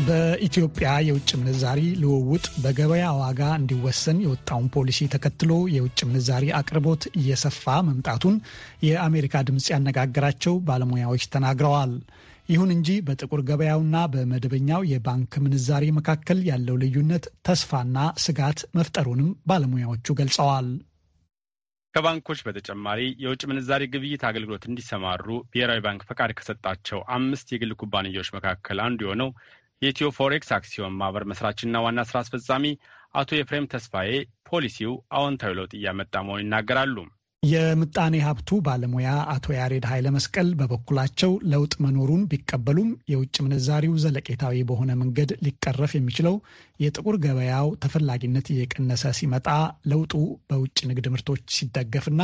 በኢትዮጵያ የውጭ ምንዛሪ ልውውጥ በገበያ ዋጋ እንዲወሰን የወጣውን ፖሊሲ ተከትሎ የውጭ ምንዛሪ አቅርቦት እየሰፋ መምጣቱን የአሜሪካ ድምፅ ያነጋገራቸው ባለሙያዎች ተናግረዋል። ይሁን እንጂ በጥቁር ገበያውና በመደበኛው የባንክ ምንዛሪ መካከል ያለው ልዩነት ተስፋና ስጋት መፍጠሩንም ባለሙያዎቹ ገልጸዋል። ከባንኮች በተጨማሪ የውጭ ምንዛሪ ግብይት አገልግሎት እንዲሰማሩ ብሔራዊ ባንክ ፈቃድ ከሰጣቸው አምስት የግል ኩባንያዎች መካከል አንዱ የሆነው የኢትዮ ፎሬክስ አክሲዮን ማህበር መስራችና ዋና ስራ አስፈጻሚ አቶ ኤፍሬም ተስፋዬ ፖሊሲው አዎንታዊ ለውጥ እያመጣ መሆኑን ይናገራሉ። የምጣኔ ሀብቱ ባለሙያ አቶ ያሬድ ኃይለ መስቀል በበኩላቸው ለውጥ መኖሩን ቢቀበሉም የውጭ ምንዛሪው ዘለቄታዊ በሆነ መንገድ ሊቀረፍ የሚችለው የጥቁር ገበያው ተፈላጊነት እየቀነሰ ሲመጣ ለውጡ በውጭ ንግድ ምርቶች ሲደገፍና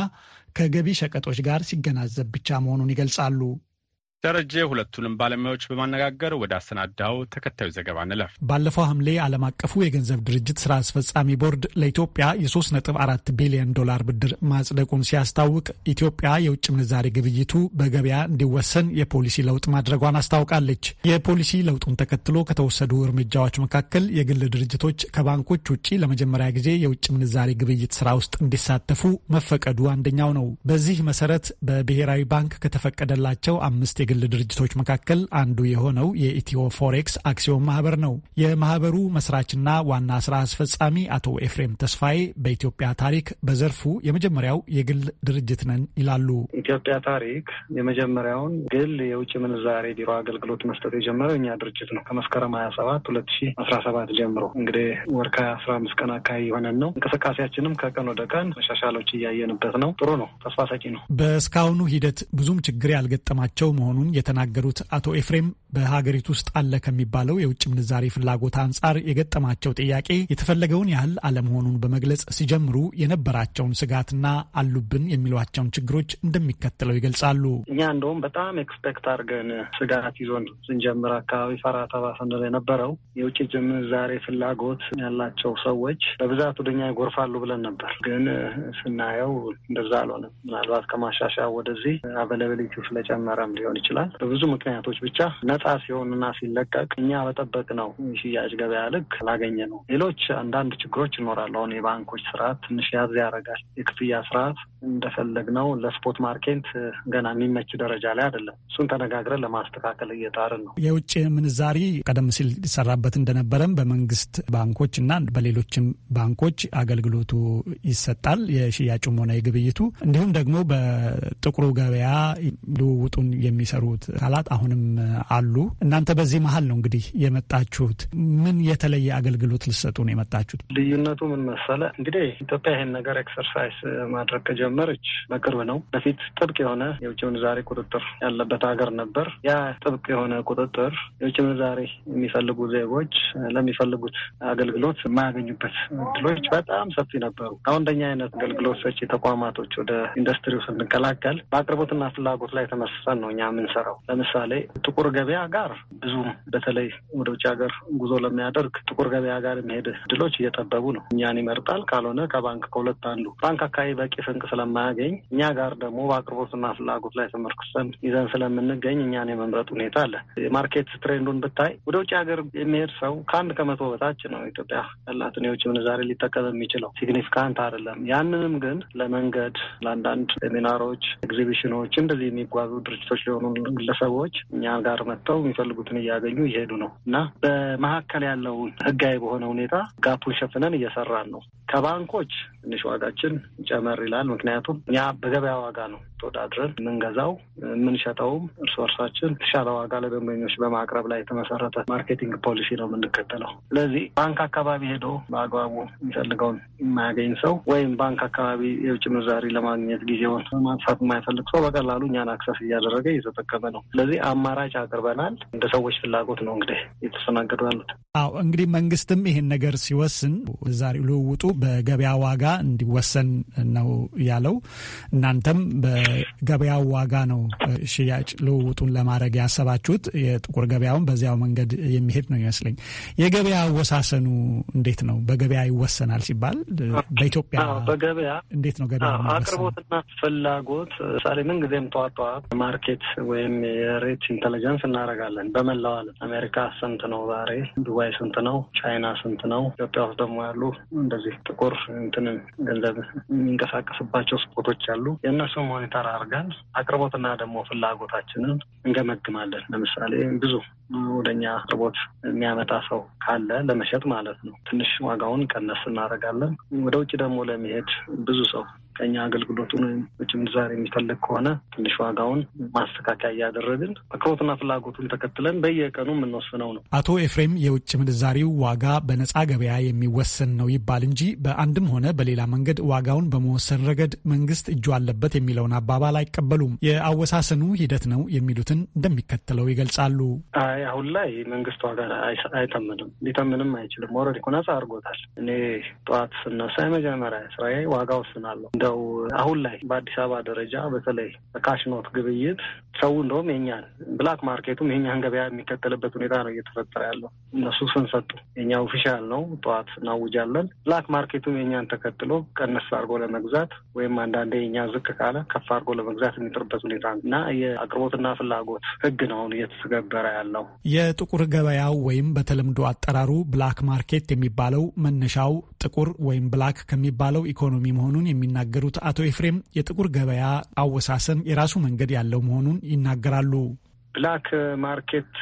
ከገቢ ሸቀጦች ጋር ሲገናዘብ ብቻ መሆኑን ይገልጻሉ። ደረጀ ሁለቱንም ባለሙያዎች በማነጋገር ወደ አሰናዳው ተከታዩ ዘገባ እንለፍ። ባለፈው ሐምሌ ዓለም አቀፉ የገንዘብ ድርጅት ስራ አስፈጻሚ ቦርድ ለኢትዮጵያ የ3.4 ቢሊዮን ዶላር ብድር ማጽደቁን ሲያስታውቅ ኢትዮጵያ የውጭ ምንዛሬ ግብይቱ በገበያ እንዲወሰን የፖሊሲ ለውጥ ማድረጓን አስታውቃለች። የፖሊሲ ለውጡን ተከትሎ ከተወሰዱ እርምጃዎች መካከል የግል ድርጅቶች ከባንኮች ውጭ ለመጀመሪያ ጊዜ የውጭ ምንዛሬ ግብይት ስራ ውስጥ እንዲሳተፉ መፈቀዱ አንደኛው ነው። በዚህ መሰረት በብሔራዊ ባንክ ከተፈቀደላቸው አምስት የግል ድርጅቶች መካከል አንዱ የሆነው የኢትዮ ፎሬክስ አክሲዮን ማህበር ነው። የማህበሩ መስራችና ዋና ስራ አስፈጻሚ አቶ ኤፍሬም ተስፋዬ በኢትዮጵያ ታሪክ በዘርፉ የመጀመሪያው የግል ድርጅት ነን ይላሉ። ኢትዮጵያ ታሪክ የመጀመሪያውን ግል የውጭ ምንዛሬ ቢሮ አገልግሎት መስጠት የጀመረው እኛ ድርጅት ነው ከመስከረም ሀያ ሰባት ሁለት ሺ አስራ ሰባት ጀምሮ እንግዲህ ወር 15 አምስት ቀን አካባቢ የሆነን ነው። እንቅስቃሴያችንም ከቀን ወደ ቀን መሻሻሎች እያየንበት ነው። ጥሩ ነው። ተስፋ ሰጪ ነው። በእስካሁኑ ሂደት ብዙም ችግር ያልገጠማቸው መሆኑ መሆኑን የተናገሩት አቶ ኤፍሬም በሀገሪቱ ውስጥ አለ ከሚባለው የውጭ ምንዛሬ ፍላጎት አንጻር የገጠማቸው ጥያቄ የተፈለገውን ያህል አለመሆኑን በመግለጽ ሲጀምሩ የነበራቸውን ስጋትና አሉብን የሚሏቸውን ችግሮች እንደሚከተለው ይገልጻሉ። እኛ እንደውም በጣም ኤክስፔክት አድርገን ስጋት ይዞን ስንጀምር አካባቢ ፈራ ስንል የነበረው የውጭ ምንዛሬ ፍላጎት ያላቸው ሰዎች በብዛት ወደኛ ይጎርፋሉ ብለን ነበር። ግን ስናየው እንደዛ አልሆነም። ምናልባት ከማሻሻያ ወደዚህ አቬለብሊቲ ስለጨመረም ሊሆን ይችላል ይችላል። በብዙ ምክንያቶች ብቻ ነጻ ሲሆንና ሲለቀቅ እኛ በጠበቅ ነው ሽያጭ ገበያ ልክ ላገኘ ነው። ሌሎች አንዳንድ ችግሮች ይኖራሉ። አሁን የባንኮች ስርዓት ትንሽ ያዝ ያደርጋል። የክፍያ ስርዓት እንደፈለግነው ለስፖርት ማርኬት ገና የሚመች ደረጃ ላይ አይደለም። እሱን ተነጋግረን ለማስተካከል እየጣርን ነው። የውጭ ምንዛሪ ቀደም ሲል ይሰራበት እንደነበረም በመንግስት ባንኮች እና በሌሎችም ባንኮች አገልግሎቱ ይሰጣል። የሽያጩም ሆነ የግብይቱ እንዲሁም ደግሞ በጥቁሩ ገበያ ልውውጡን የሚሰ የሚሰሩት አካላት አሁንም አሉ። እናንተ በዚህ መሀል ነው እንግዲህ የመጣችሁት። ምን የተለየ አገልግሎት ልሰጡ ነው የመጣችሁት? ልዩነቱ ምን መሰለ? እንግዲህ ኢትዮጵያ ይሄን ነገር ኤክሰርሳይዝ ማድረግ ከጀመረች በቅርብ ነው። በፊት ጥብቅ የሆነ የውጭ ምንዛሬ ቁጥጥር ያለበት ሀገር ነበር። ያ ጥብቅ የሆነ ቁጥጥር የውጭ ምንዛሬ የሚፈልጉ ዜጎች ለሚፈልጉት አገልግሎት የማያገኙበት እድሎች በጣም ሰፊ ነበሩ። አሁን እንደኛ አይነት አገልግሎት ሰጪ ተቋማቶች ወደ ኢንዱስትሪው ስንቀላቀል በአቅርቦትና ፍላጎት ላይ ተመስሰን ነው እኛ ምን የምንሰራው። ለምሳሌ ጥቁር ገበያ ጋር ብዙም በተለይ ወደ ውጭ ሀገር ጉዞ ለሚያደርግ ጥቁር ገበያ ጋር የሚሄድ እድሎች እየጠበቡ ነው። እኛን ይመርጣል። ካልሆነ ከባንክ ከሁለት አንዱ ባንክ አካባቢ በቂ ስንቅ ስለማያገኝ እኛ ጋር ደግሞ በአቅርቦትና ፍላጎት ላይ ተመርክሰን ይዘን ስለምንገኝ እኛን የመምረጥ ሁኔታ አለ። የማርኬት ትሬንዱን ብታይ ወደ ውጭ ሀገር የሚሄድ ሰው ከአንድ ከመቶ በታች ነው ኢትዮጵያ ያላትን የውጭ ምንዛሬ ሊጠቀም የሚችለው ሲግኒፊካንት አይደለም። ያንንም ግን ለመንገድ ለአንዳንድ ሴሚናሮች፣ ኤግዚቢሽኖች እንደዚህ የሚጓዙ ድርጅቶች ሊሆኑ ግለሰቦች እኛ ጋር መጥተው የሚፈልጉትን እያገኙ እየሄዱ ነው እና በመካከል ያለውን ህጋዊ በሆነ ሁኔታ ጋፑን ሸፍነን እየሰራን ነው። ከባንኮች ትንሽ ዋጋችን ጨመር ይላል። ምክንያቱም እኛ በገበያ ዋጋ ነው ተወዳድረን የምንገዛው የምንሸጠውም እርስ በርሳችን የተሻለ ዋጋ ለደንበኞች በማቅረብ ላይ የተመሰረተ ማርኬቲንግ ፖሊሲ ነው የምንከተለው። ስለዚህ ባንክ አካባቢ ሄዶ በአግባቡ የሚፈልገውን የማያገኝ ሰው ወይም ባንክ አካባቢ የውጭ ምንዛሪ ለማግኘት ጊዜውን ማጥፋት የማይፈልግ ሰው በቀላሉ እኛን አክሰስ እያደረገ እየተጠቀ እየተጠቀመ ነው። ስለዚህ አማራጭ አቅርበናል። እንደ ሰዎች ፍላጎት ነው እንግዲህ እየተስተናገዱ ያሉት። አዎ እንግዲህ መንግስትም ይህን ነገር ሲወስን ዛሬ ልውውጡ በገበያ ዋጋ እንዲወሰን ነው ያለው። እናንተም በገበያ ዋጋ ነው ሽያጭ ልውውጡን ለማድረግ ያሰባችሁት። የጥቁር ገበያውን በዚያው መንገድ የሚሄድ ነው ይመስለኝ። የገበያ አወሳሰኑ እንዴት ነው? በገበያ ይወሰናል ሲባል በኢትዮጵያ በገበያ እንዴት ነው ገበያ አቅርቦትና ፍላጎት ምሳሌ ምን ጊዜም ጠዋት ጠዋት ማርኬት ወይም የሬት ኢንቴሊጀንስ እናደርጋለን በመላው ዓለም አሜሪካ ስንት ነው ዛሬ ፈረንሳይ ስንት ነው? ቻይና ስንት ነው? ኢትዮጵያ ውስጥ ደግሞ ያሉ እንደዚህ ጥቁር እንትን ገንዘብ የሚንቀሳቀስባቸው ስፖቶች አሉ። የእነሱ ሞኒተር አድርገን አቅርቦትና ደግሞ ፍላጎታችንን እንገመግማለን። ለምሳሌ ብዙ ወደኛ አቅርቦት የሚያመጣ ሰው ካለ ለመሸጥ ማለት ነው፣ ትንሽ ዋጋውን ቀነስ እናደርጋለን። ወደ ውጭ ደግሞ ለመሄድ ብዙ ሰው ከፍተኛ አገልግሎቱን ወይም ዛሬ የሚፈልግ ከሆነ ትንሽ ዋጋውን ማስተካከያ እያደረግን አቅርቦትና ፍላጎቱን ተከትለን በየቀኑ የምንወስነው ነው። አቶ ኤፍሬም የውጭ ምንዛሪው ዋጋ በነጻ ገበያ የሚወሰን ነው ይባል እንጂ በአንድም ሆነ በሌላ መንገድ ዋጋውን በመወሰን ረገድ መንግስት እጁ አለበት የሚለውን አባባል አይቀበሉም። የአወሳሰኑ ሂደት ነው የሚሉትን እንደሚከተለው ይገልጻሉ። አይ አሁን ላይ መንግስት ዋጋ አይተምንም፣ ሊተምንም አይችልም። ወረድ እኮ ነጻ አድርጎታል። እኔ ጠዋት ስነሳ የመጀመሪያ ስራዬ ዋጋ ወስናለሁ። እንደ እንደው አሁን ላይ በአዲስ አበባ ደረጃ በተለይ ካሽኖት ግብይት ሰው እንደውም የኛን ብላክ ማርኬቱም የኛን ገበያ የሚከተልበት ሁኔታ ነው እየተፈጠረ ያለው። እነሱ ስንሰጡ የኛ ኦፊሻል ነው ጠዋት እናውጃለን። ብላክ ማርኬቱም የኛን ተከትሎ ቀነስ አድርጎ ለመግዛት ወይም አንዳንዴ የኛ ዝቅ ካለ ከፍ አድርጎ ለመግዛት የሚጥርበት ሁኔታ እና የአቅርቦትና ፍላጎት ህግ ነው አሁን እየተገበረ ያለው። የጥቁር ገበያው ወይም በተለምዶ አጠራሩ ብላክ ማርኬት የሚባለው መነሻው ጥቁር ወይም ብላክ ከሚባለው ኢኮኖሚ መሆኑን የሚናገሩት አቶ ኤፍሬም የጥቁር ገበያ አወሳሰን የራሱ መንገድ ያለው መሆኑን ይናገራሉ። ብላክ ማርኬት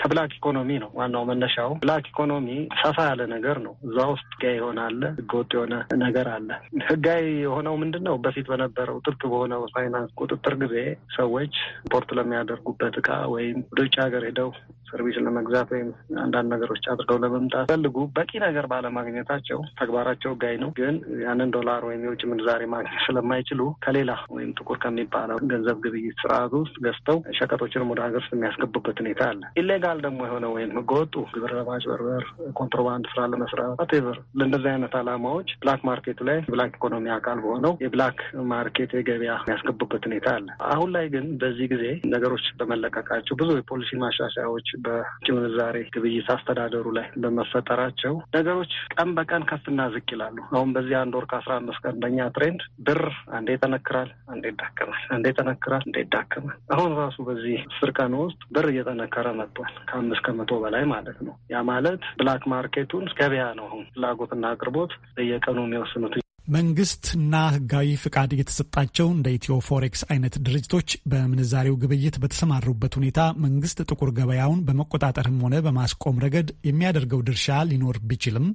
ከብላክ ኢኮኖሚ ነው ዋናው መነሻው። ብላክ ኢኮኖሚ ሰፋ ያለ ነገር ነው። እዛ ውስጥ ጋ የሆነ አለ፣ ህገወጥ የሆነ ነገር አለ። ህጋዊ የሆነው ምንድን ነው? በፊት በነበረው ጥብቅ በሆነው ፋይናንስ ቁጥጥር ጊዜ ሰዎች ኢምፖርት ለሚያደርጉበት እቃ ወይም ወደ ውጭ ሀገር ሄደው ሰርቪስ ለመግዛት ወይም አንዳንድ ነገሮች አድርገው ለመምጣት ፈልጉ በቂ ነገር ባለማግኘታቸው ተግባራቸው ጋይ ነው። ግን ያንን ዶላር ወይም የውጭ ምንዛሬ ማግኘት ስለማይችሉ ከሌላ ወይም ጥቁር ከሚባለው ገንዘብ ግብይት ስርዓት ውስጥ ገዝተው ሸቀጦችንም ወደ ሀገር ውስጥ የሚያስገቡበት ሁኔታ አለ። ኢሌጋል ደግሞ የሆነ ወይም ህገወጡ ግብር ለማጭበርበር፣ ኮንትሮባንድ ስራ ለመስራት ቴቨር ለእንደዚህ አይነት አላማዎች ብላክ ማርኬቱ ላይ ብላክ ኢኮኖሚ አካል በሆነው የብላክ ማርኬት የገበያ የሚያስገቡበት ሁኔታ አለ። አሁን ላይ ግን በዚህ ጊዜ ነገሮች በመለቀቃቸው ብዙ የፖሊሲ ማሻሻያዎች በውጭ ምንዛሬ ግብይት አስተዳደሩ ላይ በመፈጠራቸው ነገሮች ቀን በቀን ከፍና ዝቅ ይላሉ። አሁን በዚህ አንድ ወር ከአስራ አምስት ቀን በእኛ ትሬንድ ብር አንዴ ይጠነክራል፣ አንዴ ይዳከማል፣ አንዴ ይጠነክራል፣ አንዴ ይዳከማል። አሁን ራሱ በዚህ አስር ቀን ውስጥ ብር እየጠነከረ መጥቷል፣ ከአምስት ከመቶ በላይ ማለት ነው። ያ ማለት ብላክ ማርኬቱን ገበያ ነው። አሁን ፍላጎትና አቅርቦት በየቀኑ የሚወስኑት መንግስትና ህጋዊ ፍቃድ የተሰጣቸው እንደ ኢትዮ ፎሬክስ አይነት ድርጅቶች በምንዛሬው ግብይት በተሰማሩበት ሁኔታ መንግስት ጥቁር ገበያውን በመቆጣጠርም ሆነ በማስቆም ረገድ የሚያደርገው ድርሻ ሊኖር ቢችልም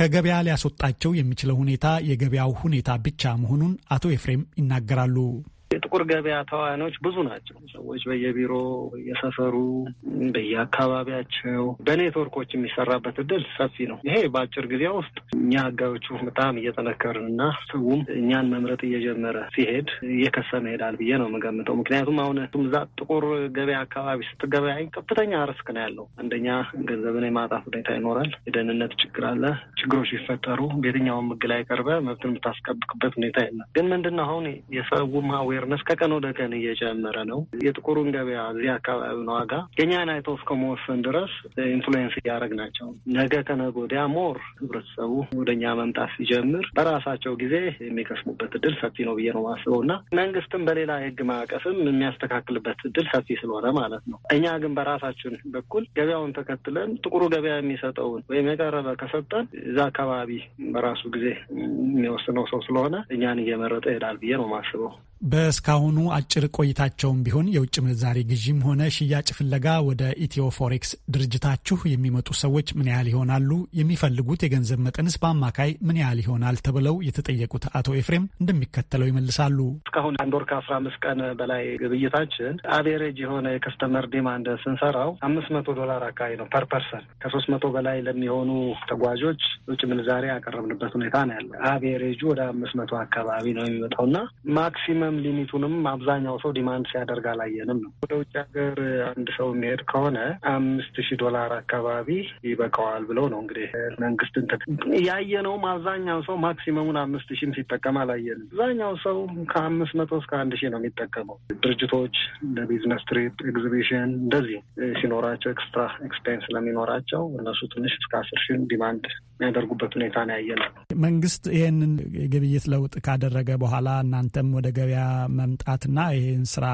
ከገበያ ሊያስወጣቸው የሚችለው ሁኔታ የገበያው ሁኔታ ብቻ መሆኑን አቶ ኤፍሬም ይናገራሉ። የጥቁር ገበያ ተዋናዮች ብዙ ናቸው። ሰዎች በየቢሮ የሰፈሩ በየአካባቢያቸው በኔትወርኮች የሚሰራበት እድል ሰፊ ነው። ይሄ በአጭር ጊዜ ውስጥ እኛ ህጋዮቹ በጣም እየጠነከርን እና ሰውም እኛን መምረጥ እየጀመረ ሲሄድ እየከሰመ ይሄዳል ብዬ ነው የምገምተው። ምክንያቱም አሁን እዛ ጥቁር ገበያ አካባቢ ስትገበያይ ከፍተኛ ርስክ ነው ያለው። አንደኛ ገንዘብን የማጣት ሁኔታ ይኖራል። የደህንነት ችግር አለ። ችግሮች ቢፈጠሩ በየትኛውም ህግ ላይ ቀርበ መብትን የምታስቀብቅበት ሁኔታ የለም። ግን ምንድነው አሁን የሰው አዌር አዌርነስ ከቀን ወደ ቀን እየጨመረ ነው። የጥቁሩን ገበያ እዚህ አካባቢውን ዋጋ የኛ አይቶ እስከመወሰን ድረስ ኢንፍሉዌንስ እያደረግ ናቸው። ነገ ከነገ ወዲያ ሞር ህብረተሰቡ ወደ እኛ መምጣት ሲጀምር በራሳቸው ጊዜ የሚከስሙበት እድል ሰፊ ነው ብዬ ነው ማስበው እና መንግስትም በሌላ የህግ ማዕቀፍም የሚያስተካክልበት እድል ሰፊ ስለሆነ ማለት ነው። እኛ ግን በራሳችን በኩል ገበያውን ተከትለን ጥቁሩ ገበያ የሚሰጠውን ወይም የቀረበ ከሰጠን እዛ አካባቢ በራሱ ጊዜ የሚወስነው ሰው ስለሆነ እኛን እየመረጠ ይሄዳል ብዬ ነው ማስበው። በእስካሁኑ አጭር ቆይታቸውም ቢሆን የውጭ ምንዛሬ ግዥም ሆነ ሽያጭ ፍለጋ ወደ ኢትዮ ፎሬክስ ድርጅታችሁ የሚመጡ ሰዎች ምን ያህል ይሆናሉ? የሚፈልጉት የገንዘብ መጠንስ በአማካይ ምን ያህል ይሆናል? ተብለው የተጠየቁት አቶ ኤፍሬም እንደሚከተለው ይመልሳሉ። እስካሁን አንድ ወር ከአስራ አምስት ቀን በላይ ግብይታችን አቬሬጅ የሆነ የከስተመር ዲማንድ ስንሰራው አምስት መቶ ዶላር አካባቢ ነው ፐር ፐርሰን ከሶስት መቶ በላይ ለሚሆኑ ተጓዦች ውጭ ምንዛሬ ያቀረብንበት ሁኔታ ነው ያለ። አቬሬጁ ወደ አምስት መቶ አካባቢ ነው የሚመጣውና ማክሲመም የለም ሊሚቱንም አብዛኛው ሰው ዲማንድ ሲያደርግ አላየንም ነው። ወደ ውጭ ሀገር አንድ ሰው የሚሄድ ከሆነ አምስት ሺህ ዶላር አካባቢ ይበቃዋል ብለው ነው እንግዲህ መንግስት እንትን ያየነውም አብዛኛው ሰው ማክሲመሙን አምስት ሺህም ሲጠቀም አላየንም። አብዛኛው ሰው ከአምስት መቶ እስከ አንድ ሺህ ነው የሚጠቀመው። ድርጅቶች ለቢዝነስ ትሪፕ፣ ኤግዚቢሽን እንደዚህ ሲኖራቸው ኤክስትራ ኤክስፔንስ ስለሚኖራቸው እነሱ ትንሽ እስከ አስር ሺህን ዲማንድ የሚያደርጉበት ሁኔታ ነው ያየነው። መንግስት ይህንን የግብይት ለውጥ ካደረገ በኋላ እናንተም ወደ ገበያ ገበያ መምጣትና ይህን ስራ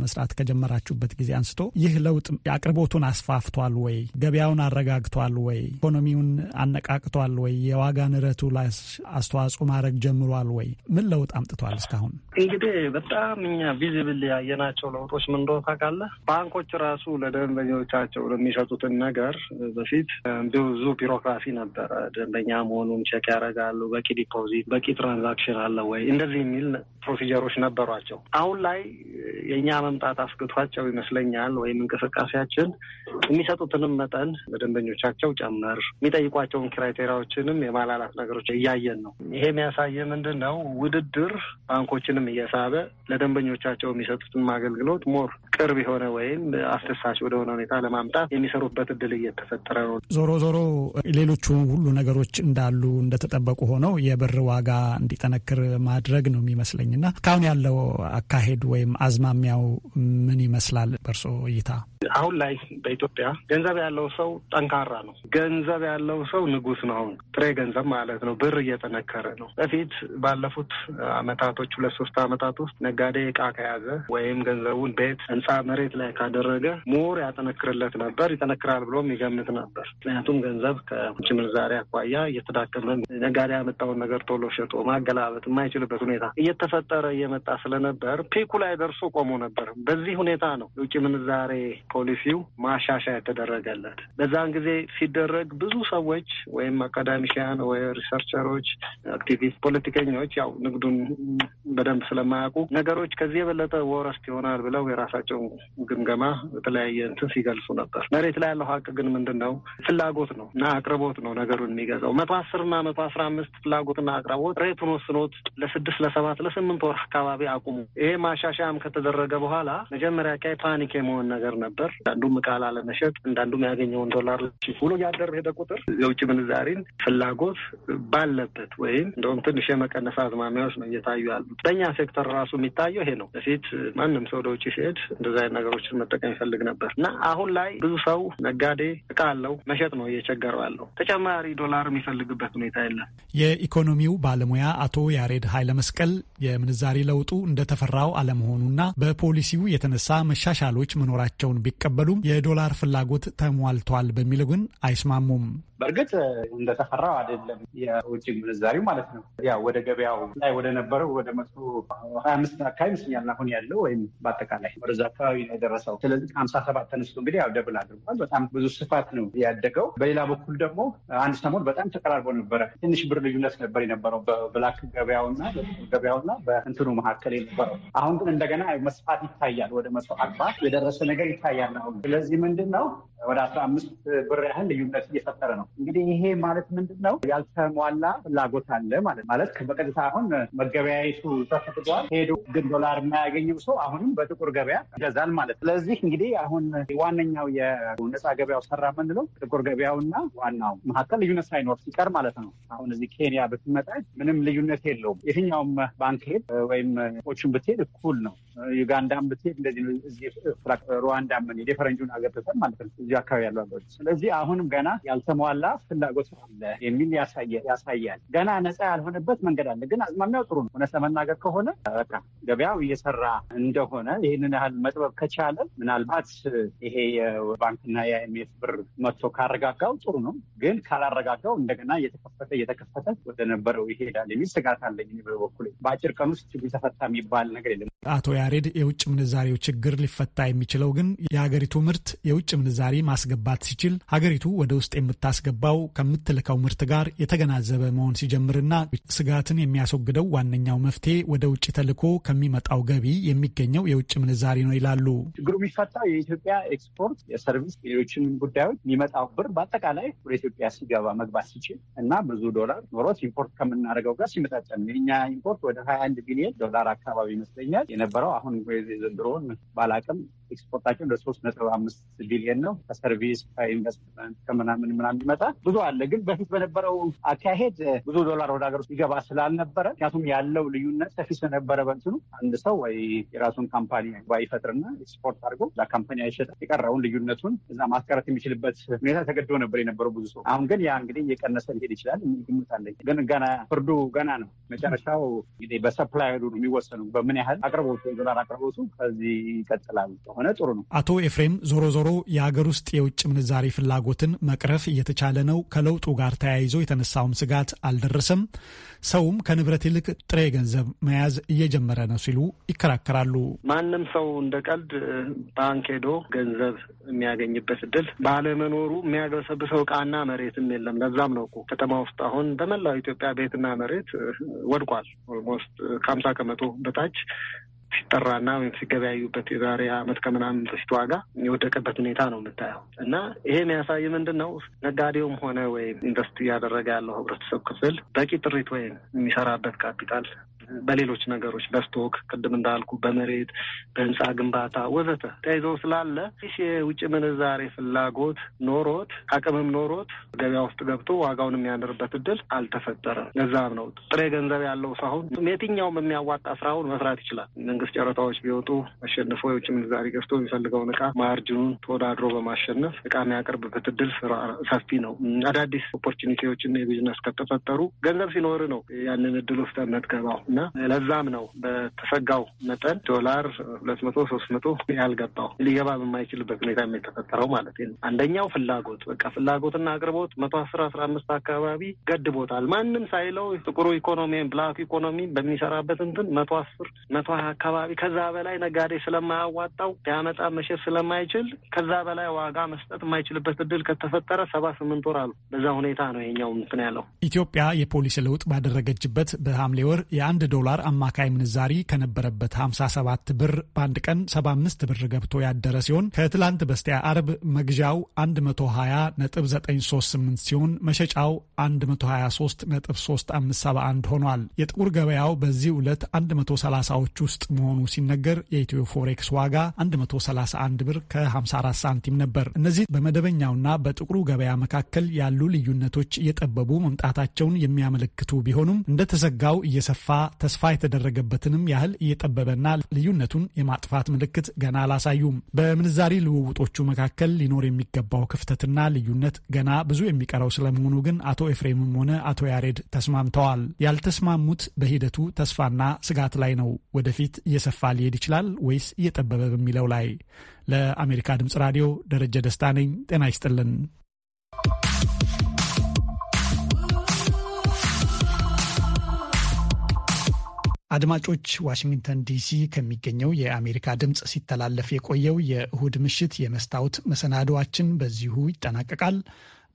መስራት ከጀመራችሁበት ጊዜ አንስቶ ይህ ለውጥ አቅርቦቱን አስፋፍቷል ወይ? ገበያውን አረጋግቷል ወይ? ኢኮኖሚውን አነቃቅቷል ወይ? የዋጋ ንረቱ ላይ አስተዋጽኦ ማድረግ ጀምሯል ወይ? ምን ለውጥ አምጥቷል? እስካሁን እንግዲህ በጣም እኛ ቪዚብል ያየናቸው ለውጦች ምን እንደሆነ ታውቃለህ? ባንኮች ራሱ ለደንበኞቻቸው ለሚሰጡትን ነገር በፊት ብዙ ቢሮክራሲ ነበረ። ደንበኛ መሆኑን ቼክ ያደርጋሉ። በቂ ዲፖዚት፣ በቂ ትራንዛክሽን አለ ወይ እንደዚህ የሚል ፕሮሲጀሮች ነበሯቸው። አሁን ላይ የእኛ መምጣት አስግቷቸው ይመስለኛል። ወይም እንቅስቃሴያችን የሚሰጡትንም መጠን ለደንበኞቻቸው ጨመር፣ የሚጠይቋቸውን ክራይቴሪያዎችንም የማላላት ነገሮች እያየን ነው። ይሄ የሚያሳየ ምንድን ነው? ውድድር ባንኮችንም እየሳበ ለደንበኞቻቸው የሚሰጡትን አገልግሎት ሞር ቅርብ የሆነ ወይም አስደሳች ወደሆነ ሁኔታ ለማምጣት የሚሰሩበት እድል እየተፈጠረ ነው። ዞሮ ዞሮ ሌሎቹ ሁሉ ነገሮች እንዳሉ እንደተጠበቁ ሆነው የብር ዋጋ እንዲጠነክር ማድረግ ነው የሚመስለኝና እስካሁን ያለው አካሄድ ወይም አዝማሚያው ምን ይመስላል በእርሶ እይታ? አሁን ላይ በኢትዮጵያ ገንዘብ ያለው ሰው ጠንካራ ነው። ገንዘብ ያለው ሰው ንጉስ ነው። አሁን ጥሬ ገንዘብ ማለት ነው። ብር እየጠነከረ ነው። በፊት ባለፉት አመታቶች ሁለት ሶስት አመታት ውስጥ ነጋዴ እቃ ከያዘ ወይም ገንዘቡን ቤት፣ ህንፃ፣ መሬት ላይ ካደረገ ሙር ያጠነክርለት ነበር፣ ይጠነክራል ብሎም ይገምት ነበር። ምክንያቱም ገንዘብ ከውጭ ምንዛሬ አኳያ እየተዳከመ ነጋዴ ያመጣውን ነገር ቶሎ ሸጦ ማገላበጥ የማይችልበት ሁኔታ እየተፈጠረ እየመጣ እየመጣ ስለነበር ፒኩ ላይ ደርሶ ቆሞ ነበር። በዚህ ሁኔታ ነው የውጭ ምንዛሬ ፖሊሲው ማሻሻያ የተደረገለት። በዛን ጊዜ ሲደረግ ብዙ ሰዎች ወይም አካዳሚሽያን ወይ ሪሰርቸሮች፣ አክቲቪስት፣ ፖለቲከኞች ያው ንግዱን በደንብ ስለማያውቁ ነገሮች ከዚህ የበለጠ ወረስት ይሆናል ብለው የራሳቸውን ግምገማ በተለያየ እንትን ሲገልጹ ነበር። መሬት ላይ ያለው ሀቅ ግን ምንድን ነው? ፍላጎት ነው እና አቅርቦት ነው ነገሩን የሚገዛው። መቶ አስርና መቶ አስራ አምስት ፍላጎትና አቅርቦት ሬቱን ወስኖት ለስድስት ለሰባት ለስምንት ወር አካባቢ አካባቢ አቁሙ። ይሄ ማሻሻያም ከተደረገ በኋላ መጀመሪያ ቀይ ፓኒክ የመሆን ነገር ነበር። አንዱም እቃ ላለመሸጥ እንዳንዱም ያገኘውን ዶላር ውሎ ያደር ሄደ ቁጥር የውጭ ምንዛሪን ፍላጎት ባለበት ወይም እንደውም ትንሽ የመቀነስ አዝማሚያዎች ነው እየታዩ ያሉት። በእኛ ሴክተር ራሱ የሚታየው ይሄ ነው። በፊት ማንም ሰው ወደ ውጭ ሲሄድ እንደዚ አይነት ነገሮችን መጠቀም ይፈልግ ነበር እና አሁን ላይ ብዙ ሰው ነጋዴ እቃ አለው መሸጥ ነው እየቸገረው ያለው። ተጨማሪ ዶላር የሚፈልግበት ሁኔታ የለም። የኢኮኖሚው ባለሙያ አቶ ያሬድ ኃይለመስቀል የምንዛሪ ለውጥ ለውጡ እንደተፈራው አለመሆኑና በፖሊሲው የተነሳ መሻሻሎች መኖራቸውን ቢቀበሉም የዶላር ፍላጎት ተሟልቷል በሚለው ግን አይስማሙም። በእርግጥ እንደተፈራው አይደለም የውጭ ምንዛሪው ማለት ነው። ያ ወደ ገበያው ላይ ወደ ነበረው ወደ መቶ ሀያ አምስት አካባቢ ይመስለኛል አሁን ያለው ወይም በአጠቃላይ ወደዛ አካባቢ ነው የደረሰው። ስለዚህ ከሀምሳ ሰባት ተነስቶ እንግዲህ ያው ደብል አድርጓል። በጣም ብዙ ስፋት ነው ያደገው። በሌላ በኩል ደግሞ አንድ ሰሞን በጣም ተቀራርቦ ነበረ። ትንሽ ብር ልዩነት ነበር የነበረው በብላክ ገበያውና ገበያውና በእንትኑ መካከል የነበረው። አሁን ግን እንደገና መስፋት ይታያል። ወደ መቶ አርባ የደረሰ ነገር ይታያል አሁን። ስለዚህ ምንድን ነው ወደ አስራ አምስት ብር ያህል ልዩነት እየፈጠረ ነው። እንግዲህ ይሄ ማለት ምንድን ነው? ያልተሟላ ፍላጎት አለ ማለት ማለት በቀጥታ አሁን መገበያየቱ ተፈቅዷል። ሄዶ ግን ዶላር የማያገኘው ሰው አሁንም በጥቁር ገበያ ይገዛል ማለት። ስለዚህ እንግዲህ አሁን ዋነኛው የነፃ ገበያው ሰራ የምንለው ጥቁር ገበያውና ዋናው መካከል ልዩነት ሳይኖር ሲቀር ማለት ነው። አሁን እዚህ ኬንያ ብትመጣ ምንም ልዩነት የለውም። የትኛውም ባንክ ሄድ ወይም ቆቹን ብትሄድ እኩል ነው። ዩጋንዳም ብትሄድ እንደዚህ ነው። እዚህ ሩዋንዳ ምን የፈረንጁን አገር ማለት ነው እዚ አካባቢ ያሉ አገሮች። ስለዚህ አሁንም ገና ያልተሟ የተሟላ ፍላጎት አለ የሚል ያሳያል። ገና ነፃ ያልሆነበት መንገድ አለ። ግን አዝማሚያው ጥሩ ነው። እውነት ለመናገር ከሆነ በቃ ገበያው እየሰራ እንደሆነ ይህንን ያህል መጥበብ ከቻለ ምናልባት ይሄ የባንክና የአይምኤፍ ብር መጥቶ ካረጋጋው ጥሩ ነው። ግን ካላረጋጋው እንደገና እየተከፈተ እየተከፈተ ወደነበረው ይሄዳል የሚል ስጋት አለኝ በበኩል በአጭር ቀን ውስጥ ችግሩ ተፈታ የሚባል ነገር የለም። አቶ ያሬድ የውጭ ምንዛሬው ችግር ሊፈታ የሚችለው ግን የሀገሪቱ ምርት የውጭ ምንዛሬ ማስገባት ሲችል ሀገሪቱ ወደ ውስጥ የምታስ የምታስገባው ከምትልከው ምርት ጋር የተገናዘበ መሆን ሲጀምርና ስጋትን የሚያስወግደው ዋነኛው መፍትሄ ወደ ውጭ ተልኮ ከሚመጣው ገቢ የሚገኘው የውጭ ምንዛሬ ነው ይላሉ። ችግሩ የሚፈታው የኢትዮጵያ ኤክስፖርት፣ የሰርቪስ፣ ሌሎችን ጉዳዮች የሚመጣው ብር በአጠቃላይ ወደ ኢትዮጵያ ሲገባ መግባት ሲችል እና ብዙ ዶላር ኖሮት ኢምፖርት ከምናደርገው ጋር ሲመጣጠን የኛ ኢምፖርት ወደ ሀያ አንድ ቢሊዮን ዶላር አካባቢ ይመስለኛል የነበረው አሁን ዘንድሮን ባላቅም ኤክስፖርታችን ወደ ሶስት ነጥብ አምስት ቢሊየን ነው። ከሰርቪስ ከኢንቨስትመንት ከምናምን ምናምን ይመጣ ብዙ አለ። ግን በፊት በነበረው አካሄድ ብዙ ዶላር ወደ ሀገር ውስጥ ይገባ ስላልነበረ ምክንያቱም ያለው ልዩነት ሰፊ ስለነበረ በንትኑ አንድ ሰው ወይ የራሱን ካምፓኒ ባይፈጥርና ኤክስፖርት አድርጎ ካምፓኒ አይሸጥ የቀረውን ልዩነቱን እዛ ማስቀረት የሚችልበት ሁኔታ ተገዶ ነበር የነበረው ብዙ ሰው። አሁን ግን ያ እንግዲህ እየቀነሰ ሊሄድ ይችላል ግምት አለኝ። ግን ገና ፍርዱ ገና ነው። መጨረሻው እንግዲህ በሰፕላይ የሚወሰኑ በምን ያህል አቅርቦቱ ዶላር አቅርቦቱ ከዚህ ይቀጥላል። ከሆነ ጥሩ ነው። አቶ ኤፍሬም ዞሮ ዞሮ የአገር ውስጥ የውጭ ምንዛሬ ፍላጎትን መቅረፍ እየተቻለ ነው፣ ከለውጡ ጋር ተያይዞ የተነሳውም ስጋት አልደረሰም፣ ሰውም ከንብረት ይልቅ ጥሬ ገንዘብ መያዝ እየጀመረ ነው ሲሉ ይከራከራሉ። ማንም ሰው እንደ ቀልድ ባንክ ሄዶ ገንዘብ የሚያገኝበት እድል ባለመኖሩ የሚያገሰብሰው እቃና መሬትም የለም። ለዛም ነው እኮ ከተማ ውስጥ አሁን በመላው ኢትዮጵያ ቤትና መሬት ወድቋል። ኦልሞስት ከሀምሳ ከመቶ በታች ሲጠራና ወይም ሲገበያዩበት የዛሬ ዓመት ከምናምን በፊት ዋጋ የወደቀበት ሁኔታ ነው የምታየው እና ይሄ የሚያሳይ ምንድን ነው ነጋዴውም ሆነ ወይም ኢንቨስት እያደረገ ያለው ህብረተሰብ ክፍል በቂ ጥሪት ወይም የሚሰራበት ካፒታል በሌሎች ነገሮች በስቶክ ቅድም እንዳልኩ በመሬት በህንፃ ግንባታ ወዘተ ተያይዞ ስላለ ይህ የውጭ ምንዛሬ ፍላጎት ኖሮት አቅምም ኖሮት ገበያ ውስጥ ገብቶ ዋጋውን የሚያንርበት እድል አልተፈጠረም። ለዛም ነው ጥሬ ገንዘብ ያለው ሳሁን የትኛውም የሚያዋጣ ስራውን መስራት ይችላል። መንግስት ጨረታዎች ቢወጡ አሸንፎ የውጭ ምንዛሬ ገዝቶ የሚፈልገውን እቃ ማርጅኑን ተወዳድሮ በማሸነፍ እቃ የሚያቀርብበት እድል ሰፊ ነው። አዳዲስ ኦፖርቹኒቲዎችና የቢዝነስ ከተፈጠሩ ገንዘብ ሲኖር ነው ያንን እድል ውስጥ የምትገባው። እና ለዛም ነው በተሰጋው መጠን ዶላር ሁለት መቶ ሶስት መቶ ያልገባው ሊገባ በማይችልበት ሁኔታ የተፈጠረው ማለት ነው። አንደኛው ፍላጎት በቃ ፍላጎትና አቅርቦት መቶ አስር አስራ አምስት አካባቢ ገድቦታል። ማንም ሳይለው ጥቁሩ ኢኮኖሚ ብላክ ኢኮኖሚ በሚሰራበት እንትን መቶ አስር መቶ አካባቢ ከዛ በላይ ነጋዴ ስለማያዋጣው ሊያመጣ መሸጥ ስለማይችል ከዛ በላይ ዋጋ መስጠት የማይችልበት እድል ከተፈጠረ ሰባ ስምንት ወር አሉ። በዛ ሁኔታ ነው የኛው እንትን ያለው ኢትዮጵያ የፖሊሲ ለውጥ ባደረገችበት በሐምሌ ወር የአንድ ዶላር አማካይ ምንዛሪ ከነበረበት 57 ብር በአንድ ቀን 75 ብር ገብቶ ያደረ ሲሆን ከትላንት በስቲያ አርብ መግዣው 120.938 ሲሆን መሸጫው 123.3571 ሆኗል። የጥቁር ገበያው በዚህ ዕለት 130ዎች ውስጥ መሆኑ ሲነገር የኢትዮ ፎሬክስ ዋጋ 131 ብር ከ54 ሳንቲም ነበር። እነዚህ በመደበኛውና በጥቁሩ ገበያ መካከል ያሉ ልዩነቶች እየጠበቡ መምጣታቸውን የሚያመለክቱ ቢሆኑም እንደተዘጋው እየሰፋ ተስፋ የተደረገበትንም ያህል እየጠበበና ልዩነቱን የማጥፋት ምልክት ገና አላሳዩም። በምንዛሪ ልውውጦቹ መካከል ሊኖር የሚገባው ክፍተትና ልዩነት ገና ብዙ የሚቀረው ስለመሆኑ ግን አቶ ኤፍሬምም ሆነ አቶ ያሬድ ተስማምተዋል። ያልተስማሙት በሂደቱ ተስፋና ስጋት ላይ ነው። ወደፊት እየሰፋ ሊሄድ ይችላል ወይስ እየጠበበ በሚለው ላይ። ለአሜሪካ ድምጽ ራዲዮ ደረጀ ደስታ ነኝ። ጤና ይስጥልን። አድማጮች፣ ዋሽንግተን ዲሲ ከሚገኘው የአሜሪካ ድምፅ ሲተላለፍ የቆየው የእሁድ ምሽት የመስታወት መሰናዶዋችን በዚሁ ይጠናቀቃል።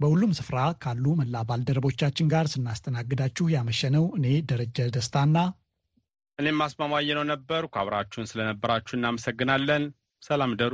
በሁሉም ስፍራ ካሉ መላ ባልደረቦቻችን ጋር ስናስተናግዳችሁ ያመሸነው እኔ ደረጀ ደስታና እኔም አስማማየ ነው ነበርኩ። አብራችሁን ስለነበራችሁ እናመሰግናለን። ሰላም ደሩ